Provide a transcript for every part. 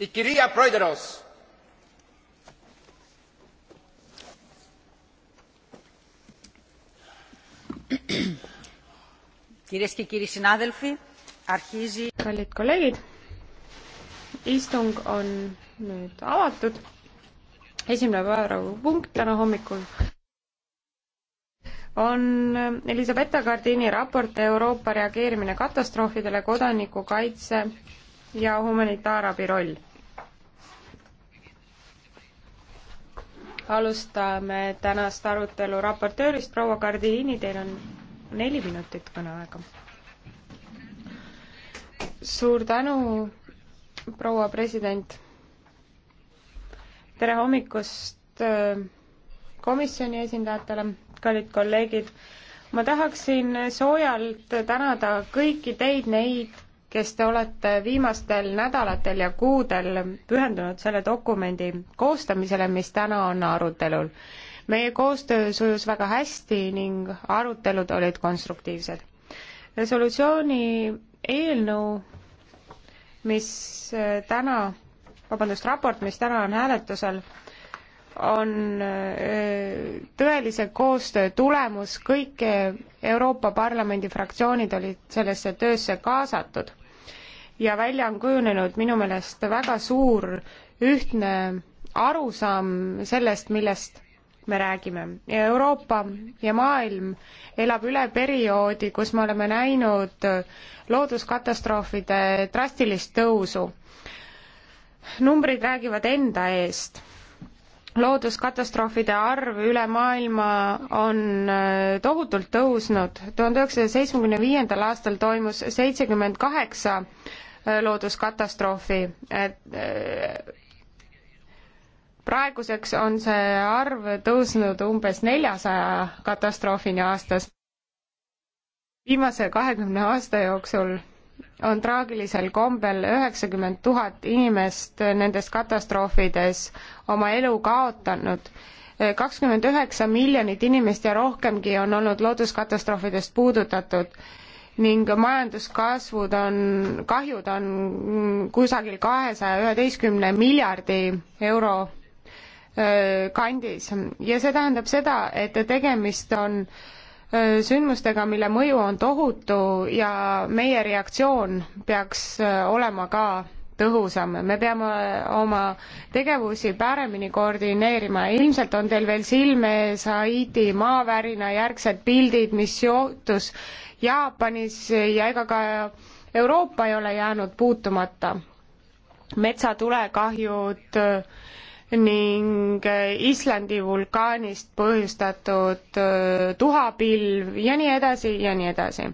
Η κυρία Πρόεδρος. Κυρίες και κύριοι συνάδελφοι, αρχίζει... Kallid kolleegid, istung on nüüd avatud. Esimene päevapunkt täna hommikul on Elisabetta Gardini raport Euroopa reageerimine katastroofidele, kodanikukaitse ja humanitaarabi roll alustame tänast arutelu raportöörist, proua Gardiini, teil on neli minutit kõneaega. suur tänu, proua president. tere hommikust äh, komisjoni esindajatele, kallid kolleegid. ma tahaksin soojalt tänada kõiki teid, neid, kes te olete viimastel nädalatel ja kuudel pühendunud selle dokumendi koostamisele, mis täna on arutelul. meie koostöö sujus väga hästi ning arutelud olid konstruktiivsed. resolutsiooni eelnõu, mis äh, täna, vabandust, raport, mis täna on hääletusel, on äh, tõelise koostöö tulemus, kõik Euroopa Parlamendi fraktsioonid olid sellesse töösse kaasatud ja välja on kujunenud minu meelest väga suur ühtne arusaam sellest, millest me räägime. Euroopa ja maailm elab üle perioodi, kus me oleme näinud looduskatastroofide drastilist tõusu. numbrid räägivad enda eest. looduskatastroofide arv üle maailma on äh, tohutult tõusnud. tuhande üheksasaja seitsmekümne viiendal aastal toimus seitsekümmend kaheksa looduskatastroofi. Eh, praeguseks on see arv tõusnud umbes neljasaja katastroofini aastas. viimase kahekümne aasta jooksul on traagilisel kombel üheksakümmend tuhat inimest nendes katastroofides oma elu kaotanud kakskümmend üheksa miljonit inimest ja rohkemgi on olnud looduskatastroofidest puudutatud ning majanduskasvud on, kahjud on kusagil kahesaja üheteistkümne miljardi euro kandis ja see tähendab seda, et tegemist on sündmustega, mille mõju on tohutu ja meie reaktsioon peaks olema ka tõhusam, me peame oma tegevusi paremini koordineerima, ilmselt on teil veel silme ees Haiti maavärina järgsed pildid, mis juhtus Jaapanis ja ega ka Euroopa ei ole jäänud puutumata. metsatulekahjud ning Islandi vulkaanist põhjustatud äh, tuhapilv ja nii edasi ja nii edasi.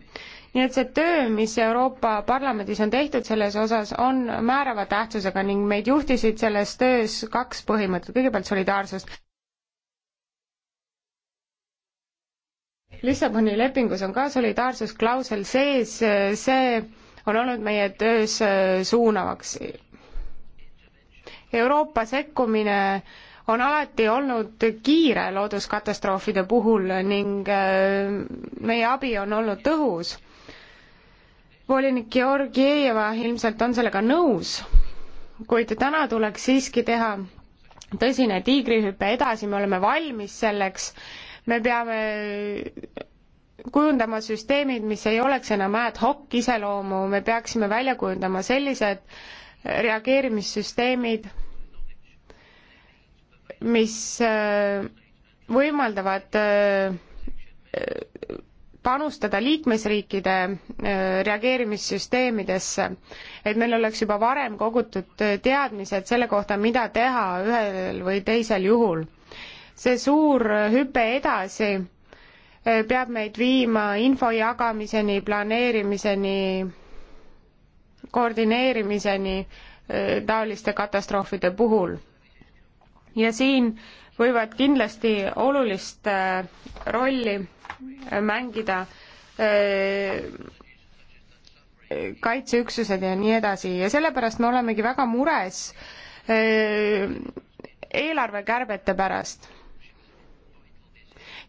nii et see töö, mis Euroopa Parlamendis on tehtud selles osas, on määrava tähtsusega ning meid juhtisid selles töös kaks põhimõtet, kõigepealt solidaarsus Lissaboni lepingus on ka solidaarsusklausel sees, see on olnud meie töös äh, suunavaks. Euroopa sekkumine on alati olnud kiire looduskatastroofide puhul ning äh, meie abi on olnud tõhus. volinik Georgieva ilmselt on sellega nõus, kuid täna tuleks siiski teha tõsine tiigrihüpe edasi, me oleme valmis selleks me peame kujundama süsteemid, mis ei oleks enam ad hoc iseloomu, me peaksime välja kujundama sellised reageerimissüsteemid, mis äh, võimaldavad äh, panustada liikmesriikide äh, reageerimissüsteemidesse, et meil oleks juba varem kogutud teadmised selle kohta, mida teha ühel või teisel juhul see suur hüpe edasi eh, peab meid viima info jagamiseni, planeerimiseni, koordineerimiseni eh, taoliste katastroofide puhul. ja siin võivad kindlasti olulist eh, rolli mängida kaitseüksused ja nii edasi ja sellepärast me olemegi väga mures eelarvekärbete pärast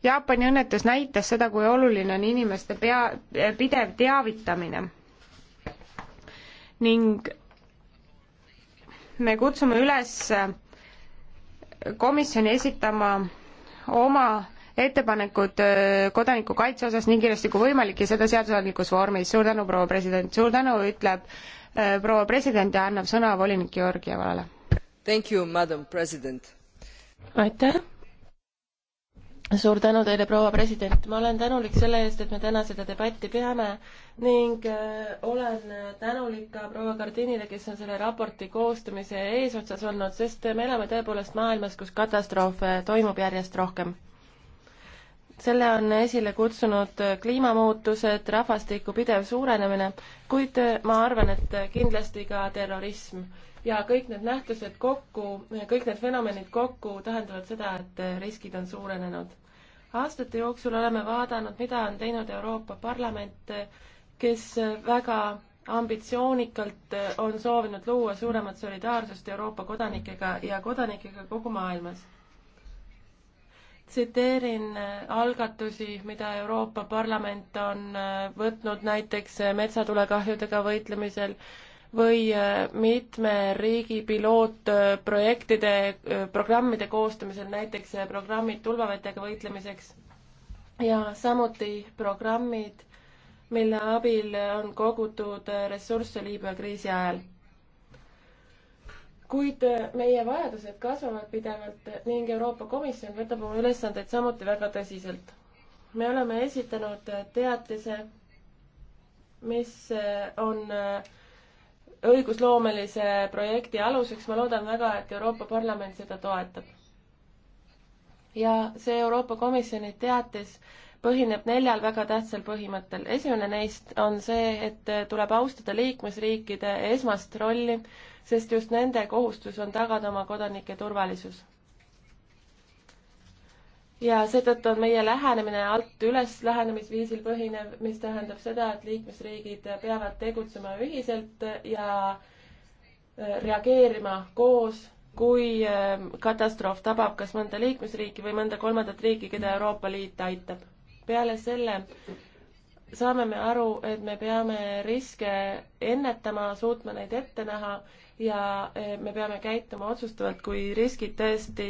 Jaapani õnnetus näitas seda, kui oluline on inimeste pea, pidev teavitamine. ning me kutsume üles komisjoni esitama oma ettepanekud äh, kodanikukaitse osas nii kiiresti kui võimalik ja seda seadusandlikus vormis. suur tänu, proua president, suur tänu, ütleb äh, proua president ja annab sõna volinik Georgievale. aitäh, suur tänu teile, proua president, ma olen tänulik selle eest, et me täna seda debatti peame ning äh, olen tänulik ka proua Gardinile, kes on selle raporti koostamise eesotsas olnud, sest me elame tõepoolest maailmas, kus katastroofe toimub järjest rohkem. selle on esile kutsunud kliimamuutused, rahvastiku pidev suurenemine, kuid ma arvan, et kindlasti ka terrorism ja kõik need nähtused kokku, kõik need fenomenid kokku tähendavad seda, et riskid on suurenenud. aastate jooksul oleme vaadanud, mida on teinud Euroopa Parlament, kes väga ambitsioonikalt on soovinud luua suuremat solidaarsust Euroopa kodanikega ja kodanikega kogu maailmas tsiteerin algatusi, mida Euroopa Parlament on võtnud näiteks metsatulekahjudega võitlemisel või äh, mitme riigi pilootprojektide, äh, programmide koostamisel, näiteks äh, programmid tulvavetega võitlemiseks ja samuti programmid, mille abil on kogutud ressursse Liibüa kriisi ajal. kuid meie vajadused kasvavad pidevalt ning Euroopa Komisjon võtab oma ülesandeid samuti väga tõsiselt. me oleme esitanud teatise, mis on äh, õigusloomelise projekti aluseks, ma loodan väga, et Euroopa Parlament seda toetab. ja see Euroopa Komisjoni teatis põhineb neljal väga tähtsal põhimõttel. esimene neist on see, et tuleb austada liikmesriikide esmast rolli, sest just nende kohustus on tagada oma kodanike turvalisus ja seetõttu on meie lähenemine alt üles lähenemisviisil põhinev, mis tähendab seda, et liikmesriigid peavad tegutsema ühiselt ja äh, reageerima koos, kui ähm, katastroof tabab kas mõnda liikmesriiki või mõnda kolmandat riiki, keda Euroopa Liit aitab. peale selle saame me aru, et me peame riske ennetama, suutma neid ette näha ja eh, me peame käituma otsustavalt, kui riskid tõesti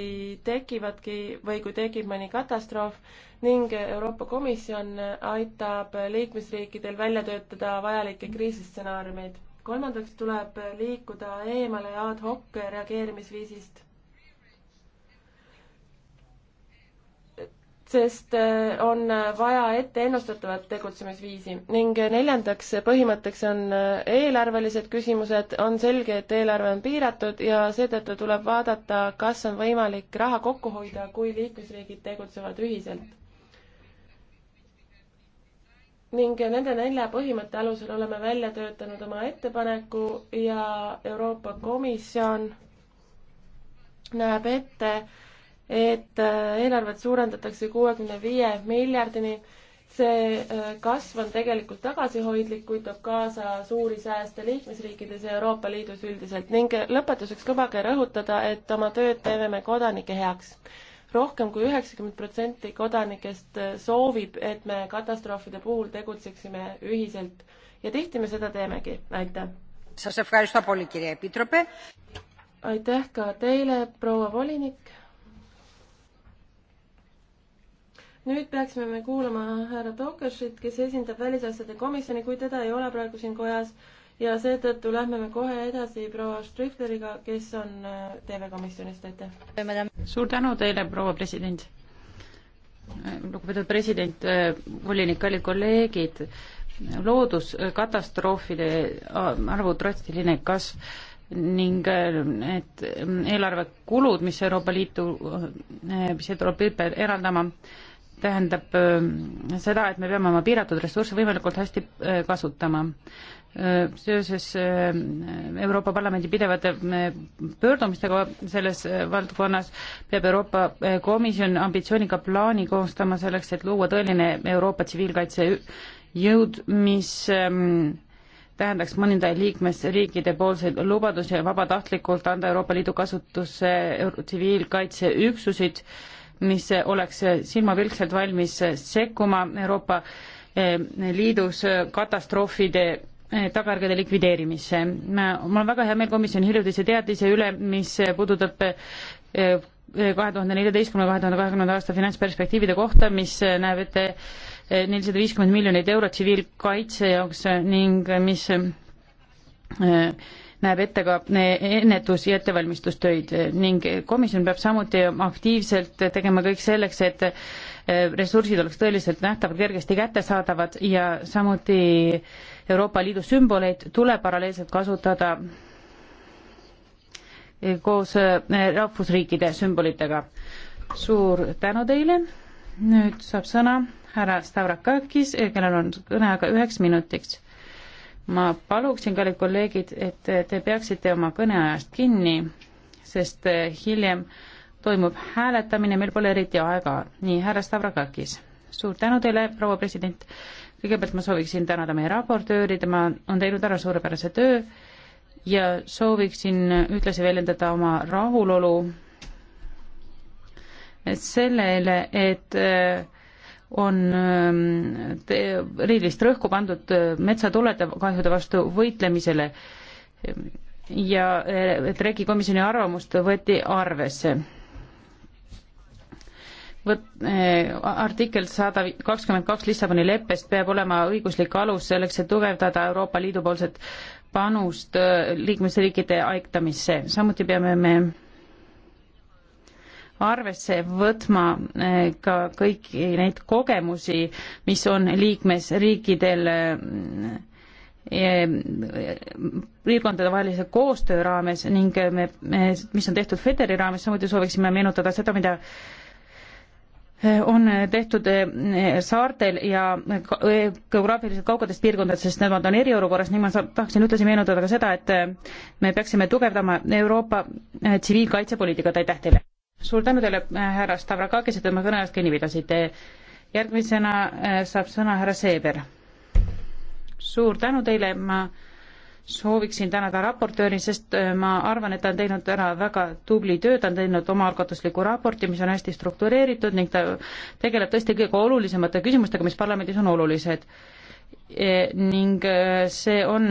tekivadki või kui tekib mõni katastroof ning Euroopa Komisjon aitab liikmesriikidel välja töötada vajalikke kriisistsenaariumeid. kolmandaks tuleb liikuda eemale ad hoc reageerimisviisist sest äh, on vaja ette ennustatavat tegutsemisviisi ning neljandaks põhimõtteks on äh, eelarvelised küsimused, on selge, et eelarve on piiratud ja seetõttu tuleb vaadata, kas on võimalik raha kokku hoida, kui liikmesriigid tegutsevad ühiselt. ning nende nelja põhimõtte alusel oleme välja töötanud oma ettepaneku ja Euroopa Komisjon näeb ette, et äh, eelarvet suurendatakse kuuekümne viie miljardini. see äh, kasv on tegelikult tagasihoidlik, kuid toob kaasa suuri sääste liikmesriikides ja Euroopa Liidus üldiselt ning lõpetuseks lubage rõhutada, et oma tööd teeme me kodanike heaks rohkem kui üheksakümmend protsenti kodanikest äh, soovib, et me katastroofide puhul tegutseksime ühiselt ja tihti me seda teemegi, aitäh. aitäh ka teile, proua volinik nüüd peaksime me kuulama härra Tokašit, kes esindab Välisasjade komisjoni, kuid teda ei ole praegu siin kojas ja seetõttu lähme me kohe edasi proua Strifleriga, kes on äh, TV-komisjonist, aitäh. suur tänu teile, proua president. lugupeetud president, äh, volinik, kallid kolleegid, looduskatastroofide äh, arvu drastiline kasv ning need eelarvekulud, mis Euroopa Liitu, mis Euroopa Liit peab eraldama, tähendab ähm, seda, et me peame oma piiratud ressursse võimalikult hästi äh, kasutama. Äh, seoses ähm, Euroopa Parlamendi pidevate äh, pöördumistega selles valdkonnas peab Euroopa Komisjon ambitsiooniga plaani koostama selleks, et luua tõeline Euroopa tsiviilkaitsejõud, mis ähm, tähendaks mõnindaid liikmesriikide poolseid lubadusi vabatahtlikult anda Euroopa Liidu kasutusse tsiviilkaitseüksusid äh, mis oleks silmapilkselt valmis sekkuma Euroopa eh, Liidus katastroofide eh, tagajärgede likvideerimisse. mul on väga hea meel komisjoni hiljutise teadise üle, mis puudutab eh, kahe tuhande neljateistkümne, kahe tuhande kahekümnenda aasta finantsperspektiivide kohta, mis näeb ette nelisada viiskümmend miljonit eurot tsiviilkaitse jaoks ning mis näeb ette ka ennetus- ja ettevalmistustöid ning komisjon peab samuti aktiivselt tegema kõik selleks, et eh, ressursid oleks tõeliselt nähtavad, kergesti kättesaadavad ja samuti Euroopa Liidu sümboleid tuleb paralleelselt kasutada eh, koos eh, rahvusriikide sümbolitega. suur tänu teile, nüüd saab sõna härra Stavrakakis, kellel on kõneaega üheks minutiks ma paluksin, kallid kolleegid, et te peaksite oma kõneajast kinni, sest eh, hiljem toimub hääletamine, meil pole eriti aega. nii, härra Stavrakakis, suur tänu teile, proua president. kõigepealt ma sooviksin tänada meie raportööri, tema on teinud ära suurepärase töö ja sooviksin ühtlasi väljendada oma rahulolu et sellele, et äh, on ähm, erilist rõhku pandud äh, metsatulede kahjude vastu võitlemisele ja äh, et REKI komisjoni arvamust võeti arvesse. Võt- eh,, artikkel sada kakskümmend kaks Lissaboni leppest peab olema õiguslik alus selleks, et tugevdada Euroopa Liidu poolset panust liikmesriikide aitamisse, samuti peame me arvesse võtma eh, ka kõiki neid kogemusi, mis on liikmesriikidel eh, eh, piirkondadevahelise koostöö raames ning me, me, mis on tehtud Federi raames, samuti sooviksime meenutada seda, mida on tehtud saartel ja geograafiliselt kaugetest piirkondadest, sest nemad on eriolukorras, nii ma tahaksin ühtlasi meenutada ka seda, et me peaksime tugevdama Euroopa tsiviilkaitsepoliitikat, aitäh teile! suur tänu teile, äh, härra Stavrakakis, et oma kõnelast kinni pidasite. järgmisena äh, saab sõna härra Seeber. suur tänu teile, ma sooviksin tänada raportööri, sest äh, ma arvan, et ta on teinud ära väga tubli töö, ta on teinud omaalgatusliku raporti, mis on hästi struktureeritud ning ta tegeleb tõesti kõige olulisemate küsimustega, mis parlamendis on olulised E, ning e, see on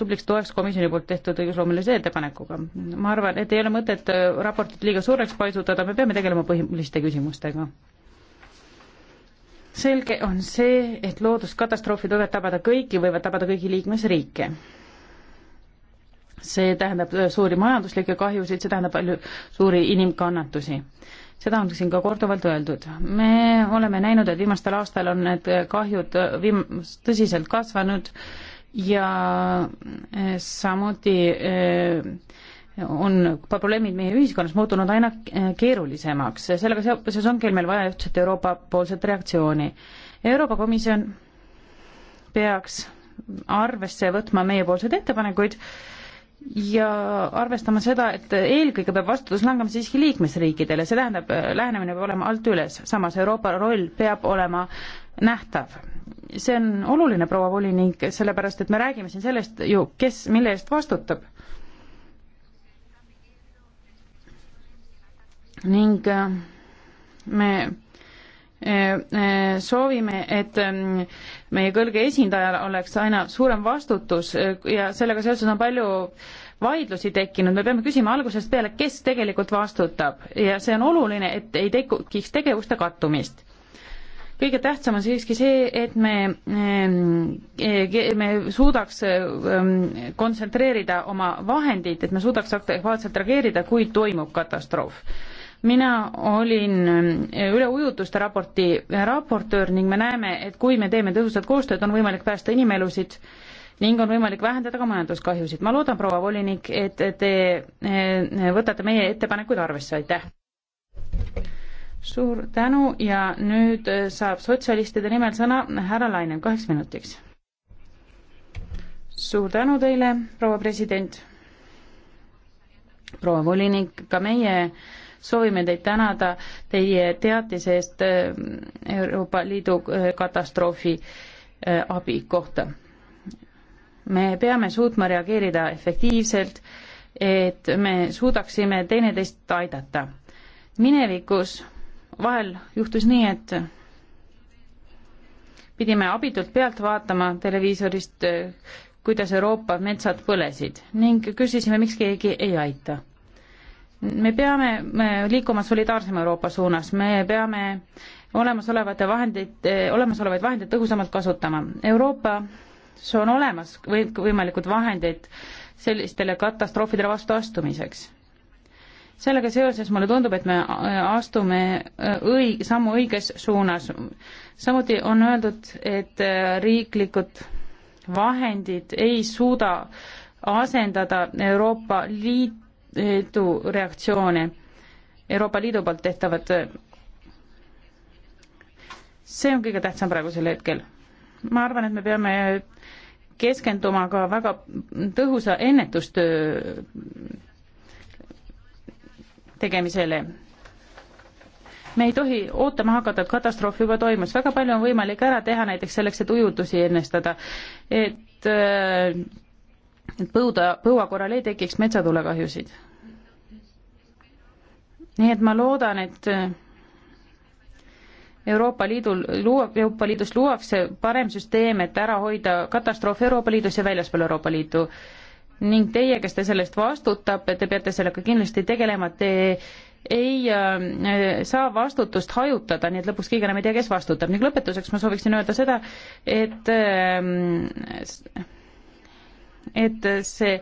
tubliks toeks komisjoni poolt tehtud õigusloomelise ettepanekuga. ma arvan, et ei ole mõtet e, raportit liiga suureks paisutada, me peame tegelema põhiliste küsimustega. selge on see, et looduskatastroofid võivad tabada kõiki, võivad tabada kõigi liikmesriike. see tähendab suuri majanduslikke kahjusid, see tähendab palju suuri inimkannatusi seda on siin ka korduvalt öeldud. me oleme näinud, et viimastel aastal on need kahjud viim-, tõsiselt kasvanud ja eh, samuti eh, on ka probleemid meie ühiskonnas muutunud aina eh, keerulisemaks. sellega seoses ongi meil vaja ühtset Euroopa-poolset reaktsiooni. Euroopa Komisjon peaks arvesse võtma meiepoolseid ettepanekuid ja arvestama seda, et eelkõige peab vastutus langema siiski liikmesriikidele, see tähendab, äh, lähenemine peab olema alt üles, samas Euroopa roll peab olema nähtav. see on oluline, proua volinik, sellepärast et me räägime siin sellest ju, kes mille eest vastutab. ning äh, me Äh, äh, soovime, et ähm, meie kõrge esindajal oleks aina suurem vastutus äh, ja sellega seoses on palju vaidlusi tekkinud, me peame küsima algusest peale, kes tegelikult vastutab ja see on oluline, et ei tekiks tegevuste kattumist. kõige tähtsam on siiski see, et me, ähm, me suudaks ähm, kontsentreerida oma vahendid, et me suudaks adekvaatselt reageerida, kui toimub katastroof mina olin eh, üleujutuste raporti eh, raportöör ning me näeme, et kui me teeme tõhusat koostööd, on võimalik päästa inimelusid ning on võimalik vähendada ka majanduskahjusid. ma loodan, proua volinik, et te eh, võtate meie ettepanekuid arvesse, aitäh! suur tänu ja nüüd saab sotsialistide nimel sõna härra Laine kaheks minutiks. suur tänu teile, proua president, proua volinik, ka meie äh, soovime teid tänada teie teatise eest äh, Euroopa Liidu äh, katastroofi äh, abi kohta. me peame suutma reageerida efektiivselt, et me suudaksime teineteist aidata. minevikus vahel juhtus nii, et pidime abitult pealt vaatama televiisorist, kuidas Euroopa metsad põlesid ning küsisime, miks keegi ei aita me peame me liikuma solidaarsema Euroopa suunas, me peame olemasolevate vahendid, olemasolevaid vahendeid tõhusamalt kasutama. Euroopas on olemas või-, võimalikud vahendid sellistele katastroofidele vastu astumiseks. sellega seoses mulle tundub, et me astume õi-, sammu õiges suunas. samuti on öeldud, et riiklikud vahendid ei suuda asendada Euroopa Liit Liidu reaktsioone, Euroopa Liidu poolt tehtavad. see on kõige tähtsam praegusel hetkel. ma arvan, et me peame keskenduma ka väga tõhusa ennetustöö äh, tegemisele. me ei tohi ootama hakata, et katastroof juba toimus, väga palju on võimalik ära teha näiteks selleks, et ujutusi ennestada, et äh, et põuda, põua korral ei tekiks metsatulekahjusid. nii et ma loodan, et äh, Euroopa Liidul, Euroopa Liidus luuakse parem süsteem, et ära hoida katastroofe Euroopa Liidus ja väljaspool Euroopa Liitu. ning teie, kes te selle eest vastutab, te peate sellega kindlasti tegelema, te ei äh, saa vastutust hajutada, nii et lõpuks keegi enam ei tea, kes vastutab. ning lõpetuseks ma sooviksin öelda seda, et äh, et see,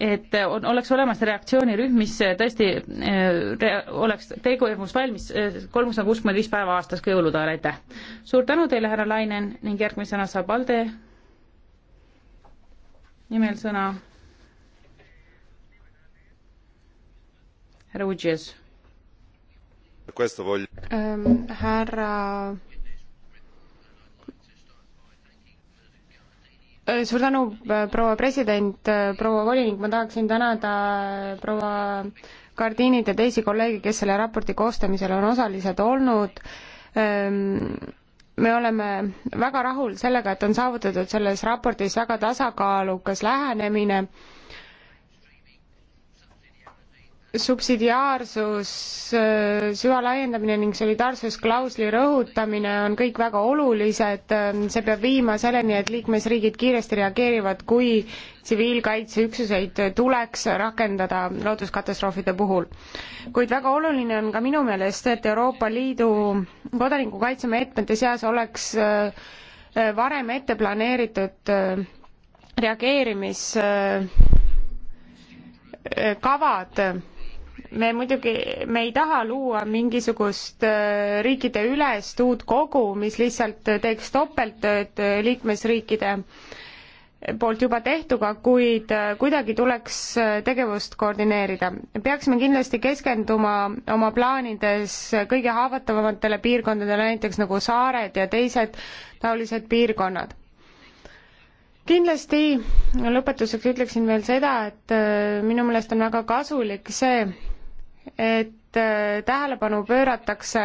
et on, oleks olemas reaktsioonirühm, mis tõesti eh, rea, oleks tegevus valmis eh, kolmsada kuuskümmend viis päeva aastas ka jõulude ajal, aitäh! suur tänu teile, härra Lainen ning järgmisena saab Alde nimel sõna härra Udžes ähm,. härra Äh, suur tänu, äh, proua president, äh, proua volinik, ma tahaksin tänada proua Gardiinid ja teisi kolleege, kes selle raporti koostamisel on osalised olnud ähm, me oleme väga rahul sellega, et on saavutatud selles raportis väga tasakaalukas lähenemine subsidiaarsus, äh, süvalaiendamine ning solidaarsusklausli rõhutamine on kõik väga olulised, ähm, see peab viima selleni, et liikmesriigid kiiresti reageerivad, kui tsiviilkaitseüksuseid tuleks rakendada looduskatastroofide puhul. kuid väga oluline on ka minu meelest see, et Euroopa Liidu kodanikukaitsemeetmete seas oleks äh, varem ette planeeritud äh, reageerimis kavad me muidugi, me ei taha luua mingisugust äh, riikide ülest uut kogu, mis lihtsalt teeks topelttööd äh, liikmesriikide äh, poolt juba tehtuga, kuid kuidagi tuleks tegevust koordineerida. peaksime kindlasti keskenduma oma plaanides kõige haavatavamatele piirkondadele, näiteks nagu saared ja teised taolised piirkonnad. kindlasti lõpetuseks ütleksin veel seda, et minu meelest on väga kasulik see, et äh, tähelepanu pööratakse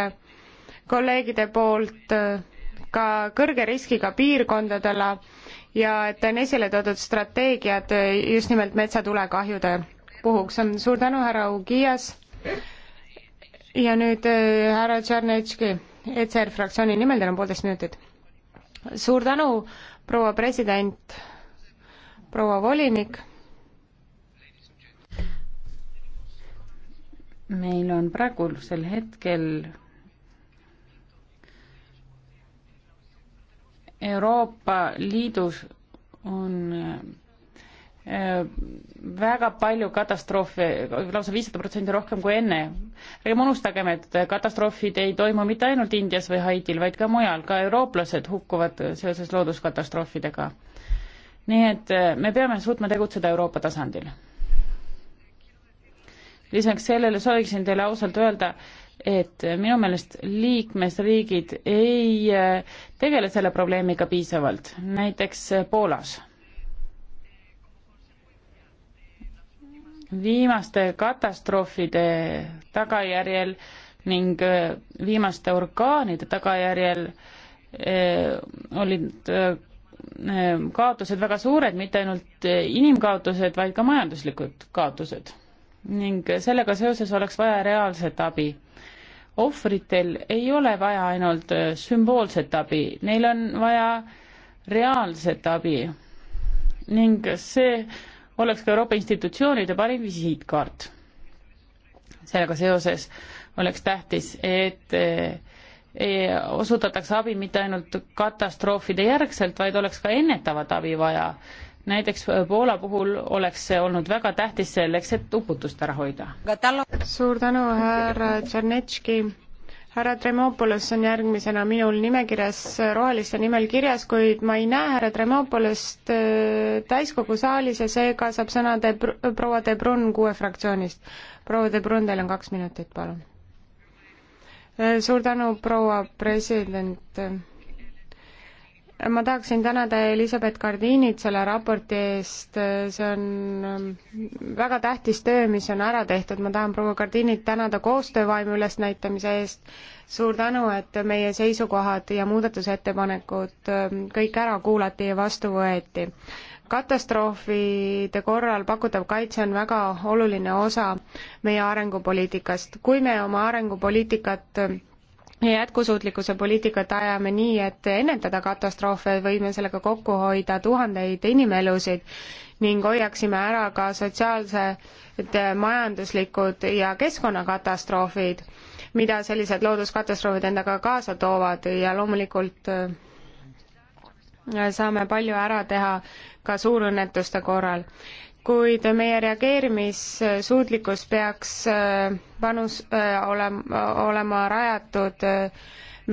kolleegide poolt äh, ka kõrge riskiga piirkondadele ja et on esile toodud strateegiad äh, just nimelt metsatulekahjude puhuks. suur tänu, härra Ugias. ja nüüd härra Tšernetški, ECR fraktsiooni nimel, teil on poolteist minutit. suur tänu, proua president, proua volinik meil on praegusel hetkel Euroopa Liidus on äh, väga palju katastroofe lausa, lausa viissada protsenti rohkem kui enne. ärgem unustagem, et katastroofid ei toimu mitte ainult Indias või Haitil, vaid ka mujal, ka eurooplased hukkuvad seoses looduskatastroofidega. nii et äh, me peame suutma tegutseda Euroopa tasandil lisaks sellele sooviksin teile ausalt öelda, et minu meelest liikmesriigid ei eh, tegele selle probleemiga piisavalt, näiteks eh, Poolas. viimaste katastroofide tagajärjel ning eh, viimaste orkaanide tagajärjel eh, olid eh, kaotused väga suured, mitte ainult inimkaotused, vaid ka majanduslikud kaotused ning sellega seoses oleks vaja reaalset abi. ohvritel ei ole vaja ainult äh, sümboolset abi, neil on vaja reaalset abi ning see oleks ka Euroopa institutsioonide parim visiitkaart. sellega seoses oleks tähtis, et äh, osutatakse abi mitte ainult katastroofide järgselt, vaid oleks ka ennetavat abi vaja näiteks äh, Poola puhul oleks see olnud väga tähtis selleks, et uputust ära hoida. suur tänu, härra Tšernetški. härra Tremopoulos on järgmisena minul nimekirjas roheliste nimel kirjas, kuid ma ei näe härra Tremopoulost äh, täiskogu saalis ja seega saab sõna te proua De Brun kuue fraktsioonist. proua De Brun, teil on kaks minutit, palun. Äh, suur tänu, proua president ma tahaksin tänada Elizabeth Gardiinit selle raporti eest, see on ähm, väga tähtis töö, mis on ära tehtud, ma tahan proua Gardiinit tänada koostöövaimu ülesnäitamise eest, suur tänu, et meie seisukohad ja muudatusettepanekud ähm, kõik ära kuulati ja vastu võeti. katastroofide korral pakutav kaitse on väga oluline osa meie arengupoliitikast, kui me oma arengupoliitikat jätkusuutlikkuse poliitikat ajame nii, et ennetada katastroofe, võime sellega kokku hoida tuhandeid inimelusid ning hoiaksime ära ka sotsiaalsed, majanduslikud ja keskkonnakatastroofid, mida sellised looduskatastroofid endaga kaasa toovad ja loomulikult äh, saame palju ära teha ka suurõnnetuste korral kuid meie reageerimissuutlikkus peaks äh, panus äh, olema, olema rajatud äh,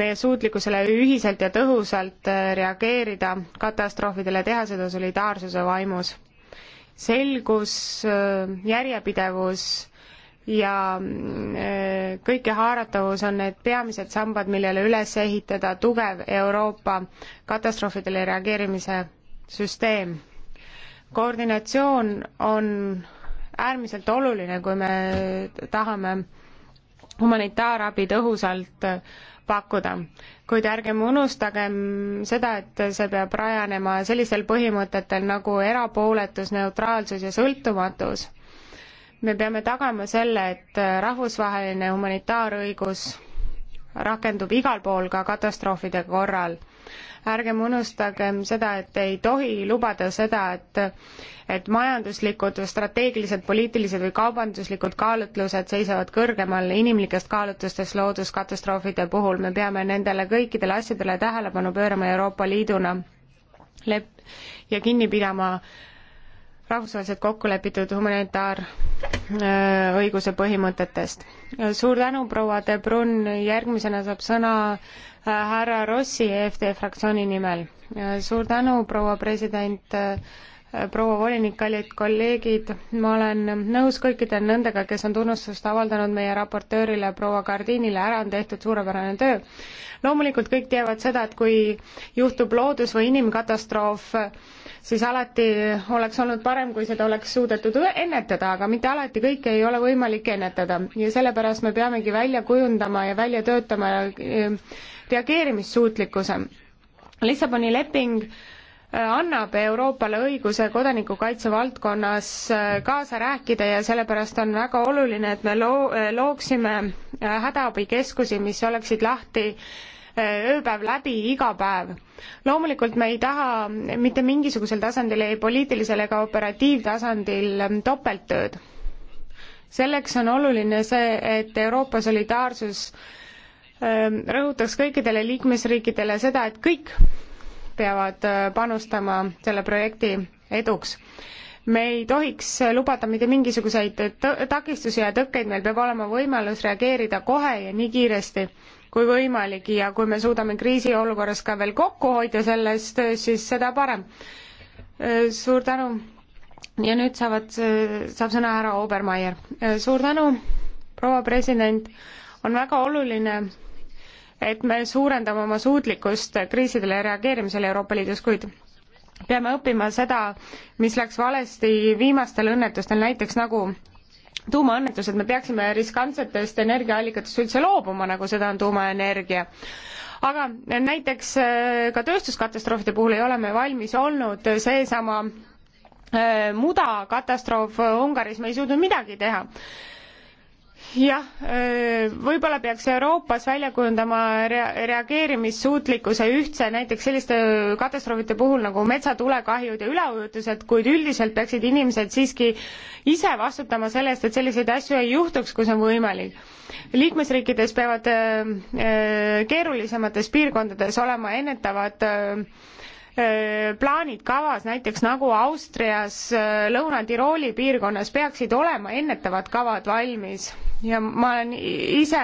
meie suutlikkusele ühiselt ja tõhusalt reageerida katastroofidele, teha seda solidaarsuse vaimus. selgus, järjepidevus ja kõike haaratavus on need peamised sambad, millele üles ehitada tugev Euroopa katastroofidele reageerimise süsteem koordinatsioon on äärmiselt oluline, kui me tahame humanitaarabi tõhusalt pakkuda. kuid ärgem unustagem seda, et see peab rajanema sellistel põhimõtetel nagu erapooletus, neutraalsus ja sõltumatus. me peame tagama selle, et rahvusvaheline humanitaarõigus rakendub igal pool ka katastroofide korral ärgem unustagem seda, et ei tohi lubada seda, et et majanduslikud või strateegilised, poliitilised või kaubanduslikud kaalutlused seisavad kõrgemal inimlikest kaalutlustest looduskatastroofide puhul. me peame nendele kõikidele asjadele tähelepanu pöörama Euroopa Liiduna lep- ja kinni pidama rahvusvaheliselt kokku lepitud humanitaarõiguse põhimõtetest. suur tänu, proua De Brun, järgmisena saab sõna härra Rossi EFD fraktsiooni nimel. suur tänu, proua president, proua volinik, kallid kolleegid, ma olen nõus kõikide nendega, kes on tunnustust avaldanud meie raportöörile proua Gardiinile, ära on tehtud suurepärane töö. loomulikult kõik teavad seda, et kui juhtub loodus- või inimkatastroof, siis alati oleks olnud parem, kui seda oleks suudetud ennetada, aga mitte alati kõike ei ole võimalik ennetada ja sellepärast me peamegi välja kujundama ja välja töötama reageerimissuutlikkuse. Lissaboni leping äh, annab Euroopale õiguse kodanikukaitse valdkonnas äh, kaasa rääkida ja sellepärast on väga oluline, et me loo-, äh, looksime hädaabikeskusi, mis oleksid lahti ööpäev läbi, iga päev. loomulikult me ei taha mitte mingisugusel tasandil, ei poliitilisel ega operatiivtasandil ähm, topelttööd. selleks on oluline see, et Euroopa solidaarsus äh, Ehm, rõhutaks kõikidele liikmesriikidele seda, et kõik peavad äh, panustama selle projekti eduks. me ei tohiks lubada mitte mingisuguseid takistusi ja tõkkeid, meil peab olema võimalus reageerida kohe ja nii kiiresti kui võimalik ja kui me suudame kriisiolukorras ka veel kokku hoida selles töös, siis seda parem. Ehm, suur tänu. ja nüüd saavad, äh, saab sõna härra Obermeier. Ehm, suur tänu, proua president. on väga oluline et me suurendame oma suutlikkust kriisidele reageerimisel Euroopa Liidus, kuid peame õppima seda, mis läks valesti viimastel õnnetustel, näiteks nagu tuumaõnnetused, me peaksime riskantsetest energiaallikatest üldse loobuma, nagu seda on tuumaenergia. aga näiteks äh, ka tööstuskatastroofide puhul ei ole me valmis olnud seesama äh, muda katastroof Ungaris, me ei suutnud midagi teha jah, äh, võib-olla peaks Euroopas välja kujundama rea-, reageerimissuutlikkuse ühtse näiteks selliste katastroofide puhul nagu metsatulekahjud ja üleujutused, kuid üldiselt peaksid inimesed siiski ise vastutama selle eest, et selliseid asju ei juhtuks, kui see on võimalik. liikmesriikides peavad äh, äh, keerulisemates piirkondades olema ennetavad plaanid kavas, näiteks nagu Austrias Lõuna-Tirooli piirkonnas peaksid olema ennetavad kavad valmis ja ma olen ise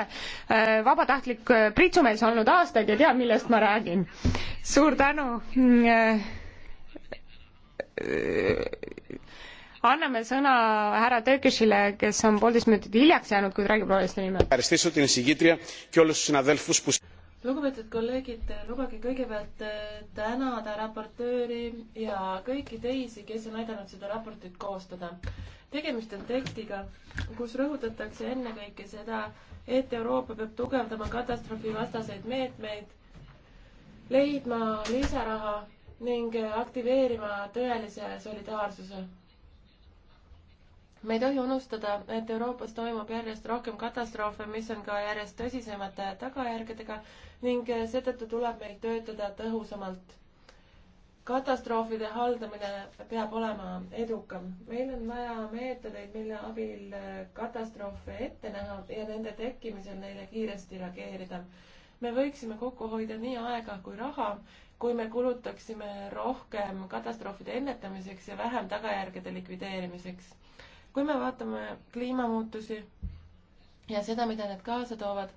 äh, vabatahtlik äh, pritsumees olnud aastaid ja tean, millest ma räägin. suur tänu. Mm, äh, anname sõna härra Tökešile, kes on poolteist minutit hiljaks jäänud, kuid räägib roheliste nimel lugupeetud kolleegid, lubage kõigepealt tänada raportööri ja kõiki teisi, kes on aidanud seda raportit koostada tegemist on tekstiga, kus rõhutatakse ennekõike seda, et Euroopa peab tugevdama katastroofivastaseid meetmeid, leidma lisaraha ning aktiveerima tõelise solidaarsuse. me ei tohi unustada, et Euroopas toimub järjest rohkem katastroofe, mis on ka järjest tõsisemate tagajärgedega ning seetõttu tuleb meil töötada tõhusamalt katastroofide haldamine peab olema edukam. meil on vaja meetodeid, mille abil äh, katastroofe ette näha ja nende tekkimisel neile kiiresti reageerida. me võiksime kokku hoida nii aega kui raha, kui me kulutaksime rohkem katastroofide ennetamiseks ja vähem tagajärgede likvideerimiseks. kui me vaatame kliimamuutusi ja seda, mida need kaasa toovad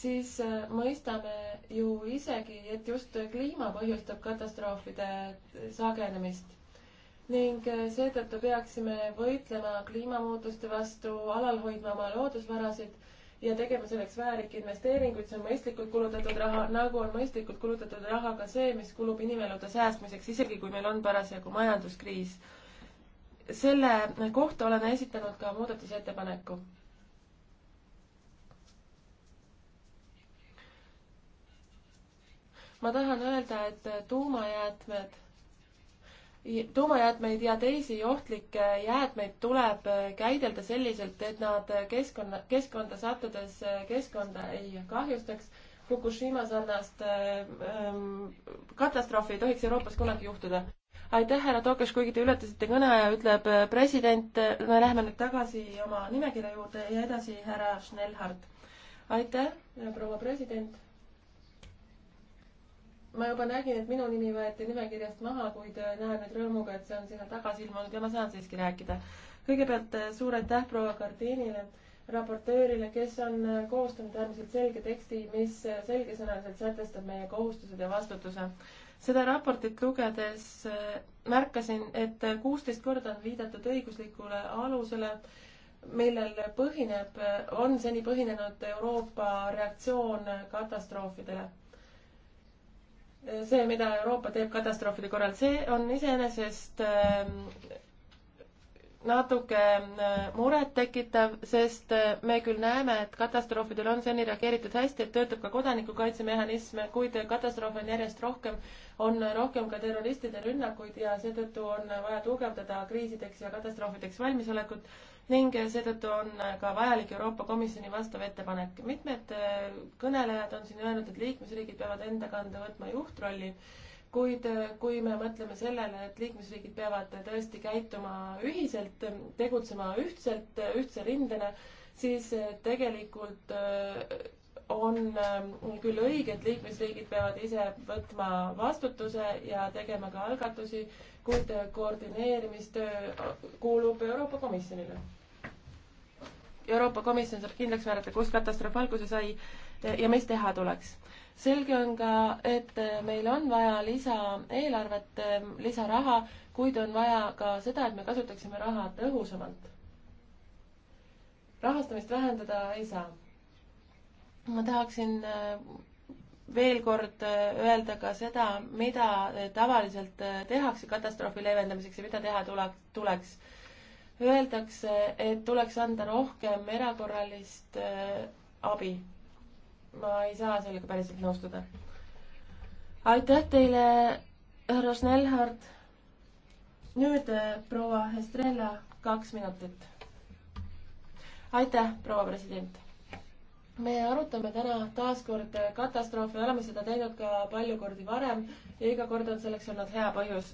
siis äh, mõistame ju isegi, et just kliima põhjustab katastroofide äh, sagenemist ning äh, seetõttu peaksime võitlema kliimamuutuste vastu, alal hoidma oma loodusvarasid ja tegema selleks väärikke investeeringuid, see on mõistlikult kulutatud raha, nagu on mõistlikult kulutatud raha ka see, mis kulub inimelude säästmiseks, isegi kui meil on parasjagu majanduskriis. selle kohta olen esitanud ka muudatusettepaneku ma tahan öelda, et tuumajäätmed, tuumajäätmeid ja teisi ohtlikke jäätmeid tuleb käidelda selliselt, et nad keskkonna, keskkonda sattudes keskkonda ei kahjustaks. Fukushima sarnast ähm, katastroofi ei tohiks Euroopas kunagi juhtuda. aitäh, härra Tokes, kuigi te ületasite kõneaja, ütleb president. me läheme nüüd tagasi oma nimekirja juurde ja edasi härra Schnellhardt. aitäh, proua president ma juba nägin, et minu nimi võeti nimekirjast maha, kuid äh, näen nüüd rõõmuga, et see on sinna tagasi ilmunud ja ma saan siiski rääkida. kõigepealt äh, suur aitäh proua Kardiinile, raportöörile, kes on äh, koostanud äärmiselt selge teksti, mis selgesõnaliselt sätestab meie kohustused ja vastutuse. seda raportit lugedes märkasin, et kuusteist korda on viidatud õiguslikule alusele, millel põhineb, on seni põhinenud Euroopa reaktsioon katastroofidele see, mida Euroopa teeb katastroofide korral, see on iseenesest ähm, natuke äh, murettekitav, sest äh, me küll näeme, et katastroofidel on seni reageeritud hästi, et töötab ka kodanikukaitsemehhanism, kuid katastroofe on järjest rohkem, on rohkem ka terroristide rünnakuid ja seetõttu on vaja tugevdada kriisideks ja katastroofideks valmisolekut ning seetõttu on ka vajalik Euroopa Komisjoni vastav ettepanek. mitmed äh, kõnelejad on siin öelnud, et liikmesriigid peavad enda kanda võtma juhtrolli, kuid äh, kui me mõtleme sellele, et liikmesriigid peavad tõesti käituma ühiselt, tegutsema ühtselt, ühtse rindena, siis äh, tegelikult on ähm, küll õige, et liikmesriigid peavad ise võtma vastutuse ja tegema ka algatusi, kuid koordineerimistöö kuulub Euroopa Komisjonile. Euroopa Komisjon saab kindlaks määrata, kus katastroof alguse sai eh, ja mis teha tuleks. selge on ka, et eh, meil on vaja lisaeelarvet, eh, lisaraha, kuid on vaja ka seda, et me kasutaksime raha tõhusamalt. rahastamist vähendada ei saa ma tahaksin äh, veel kord äh, öelda ka seda, mida äh, tavaliselt tehakse katastroofi leevendamiseks ja mida teha tuleks. Öeldakse, et tuleks anda rohkem erakorralist abi. ma ei saa sellega päriselt nõustuda. aitäh teile, härra Snellhardt. nüüd proua Estrella, kaks minutit. aitäh, proua president me arutame täna taas kord katastroofi, oleme seda teinud ka palju kordi varem ja iga kord on selleks olnud hea põhjus.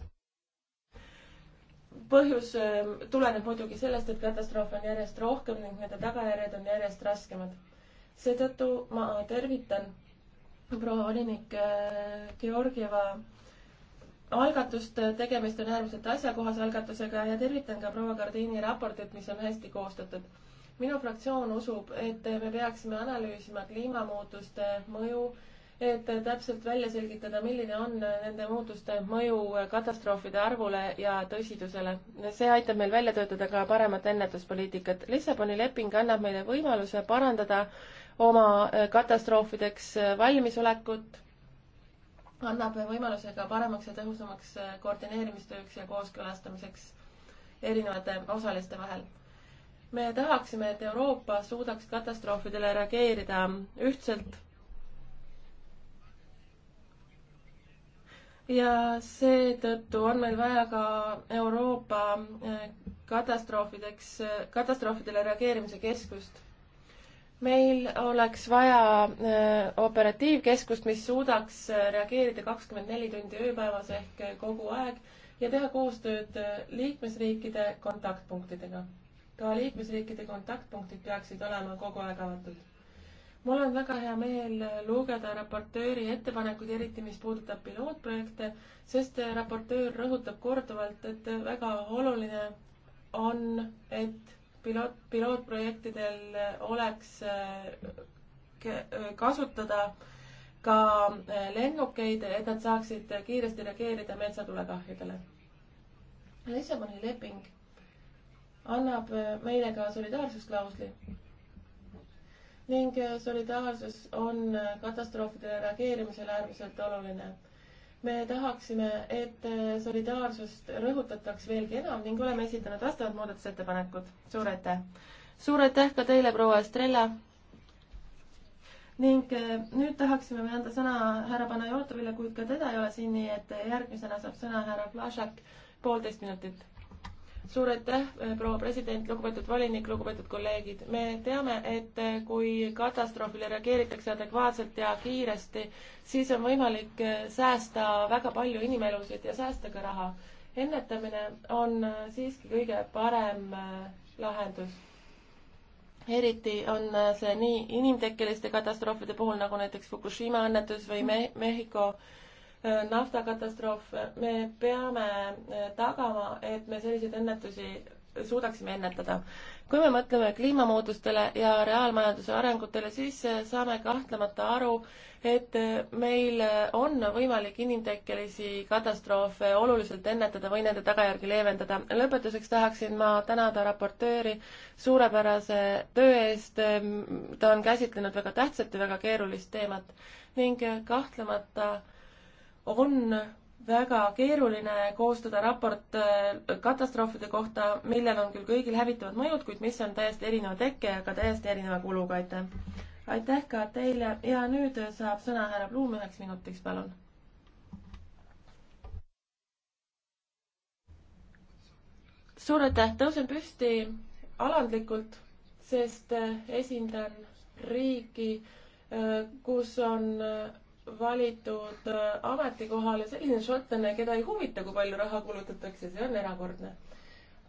põhjus ähm, tuleneb muidugi sellest, et katastroofe on järjest rohkem ning nende tagajärjed on järjest raskemad. seetõttu ma tervitan proua volinik äh, Georgieva algatust, tegemist on äärmiselt asjakohase algatusega ja tervitan ka proua Gardiini raportit, mis on hästi koostatud minu fraktsioon usub, et me peaksime analüüsima kliimamuutuste mõju, et täpselt välja selgitada, milline on nende muutuste mõju katastroofide arvule ja tõsidusele. see aitab meil välja töötada ka paremat ennetuspoliitikat. Lissaboni leping annab meile võimaluse parandada oma katastroofideks valmisolekut, annab võimaluse ka paremaks ja tõhusamaks koordineerimistööks ja kooskõlastamiseks erinevate osaliste vahel me tahaksime, et Euroopa suudaks katastroofidele reageerida ühtselt. ja seetõttu on meil vaja ka Euroopa eh, katastroofideks, katastroofidele reageerimise keskust meil oleks vaja eh, operatiivkeskust, mis suudaks reageerida kakskümmend neli tundi ööpäevas ehk kogu aeg ja teha koostööd eh, liikmesriikide kontaktpunktidega ka liikmesriikide kontaktpunktid peaksid olema kogu aeg avatud. mul on väga hea meel lugeda raportööri ettepanekuid, eriti mis puudutab pilootprojekte, sest raportöör rõhutab korduvalt, et väga oluline on, et piloot, pilootprojektidel oleks kasutada ka lennukeid, et nad saaksid kiiresti reageerida metsatulekahjudele. Lissaboni leping annab äh, meile ka solidaarsusklausli. ning äh, solidaarsus on äh, katastroofidele reageerimisel äärmiselt oluline. me tahaksime, et solidaarsust rõhutataks veelgi enam ning oleme esitanud vastavad muudatusettepanekud. suur aitäh! suur aitäh ka teile, proua Estrella! ning nüüd tahaksime me anda sõna härra Panajotovile, kuid ka teda ei ole siin, nii et järgmisena saab sõna härra Plašak, poolteist minutit suur aitäh, eh, proua president, lugupeetud volinik, lugupeetud kolleegid. me teame, et eh, kui katastroofile reageeritakse adekvaatselt ja kiiresti, siis on võimalik eh, säästa väga palju inimelusid ja säästa ka raha. ennetamine on siiski kõige parem lahendus. eriti on see nii inimtekkeliste katastroofide puhul, nagu näiteks Fukushima õnnetus või Me-, Mehhiko Äh, naftakatastroofe, me peame äh, tagama, et me selliseid õnnetusi suudaksime ennetada. kui me mõtleme kliimamuutustele ja reaalmajanduse arengutele, siis äh, saame kahtlemata aru, et meil on võimalik inimtekkelisi katastroofe oluliselt ennetada või nende tagajärgi leevendada. lõpetuseks tahaksin ma tänada raportööri suurepärase töö eest. ta on käsitlenud väga tähtsat ja väga keerulist teemat ning kahtlemata äh, on väga keeruline koostada raport äh, katastroofide kohta, millel on küll kõigil hävitavad mõjud, kuid mis on täiesti erineva tekke ja ka täiesti erineva kuluga, aitäh. aitäh ka teile ja nüüd saab sõna härra Pluum üheks minutiks, palun. suur aitäh, tõusen püsti alandlikult, sest äh, esindan riiki, äh, kus on valitud äh, ametikohale selline šotlane, keda ei huvita, kui palju raha kulutatakse, see on erakordne.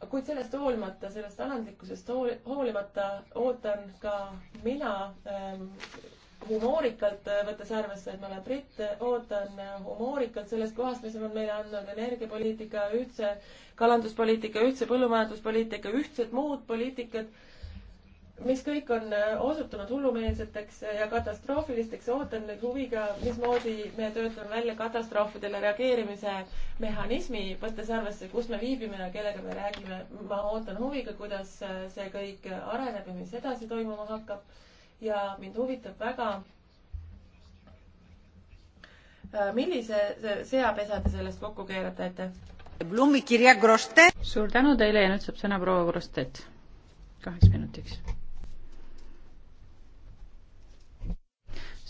kuid sellest hoolimata, sellest alandlikkusest hoolimata ootan ka mina ähm, humoorikalt, äh, võttes arvesse, et ma olen britt, ootan äh, humoorikalt sellest kohast, mis on meile andnud energiapoliitika, ühtse kalanduspoliitika, ühtse põllumajanduspoliitika, ühtset muud poliitikat mis kõik on äh, osutunud hullumeelseteks äh, ja katastroofilisteks, ootan nüüd huviga, mismoodi me töötame välja katastroofidele reageerimise mehhanismi, võttes arvesse, kus me viibime ja kellega me räägime. ma ootan huviga, kuidas äh, see kõik areneb ja mis edasi toimuma hakkab. ja mind huvitab väga, millise seapesa te sellest kokku keerate, aitäh! suur tänu teile ja nüüd saab sõna proua Grostet kaheks minutiks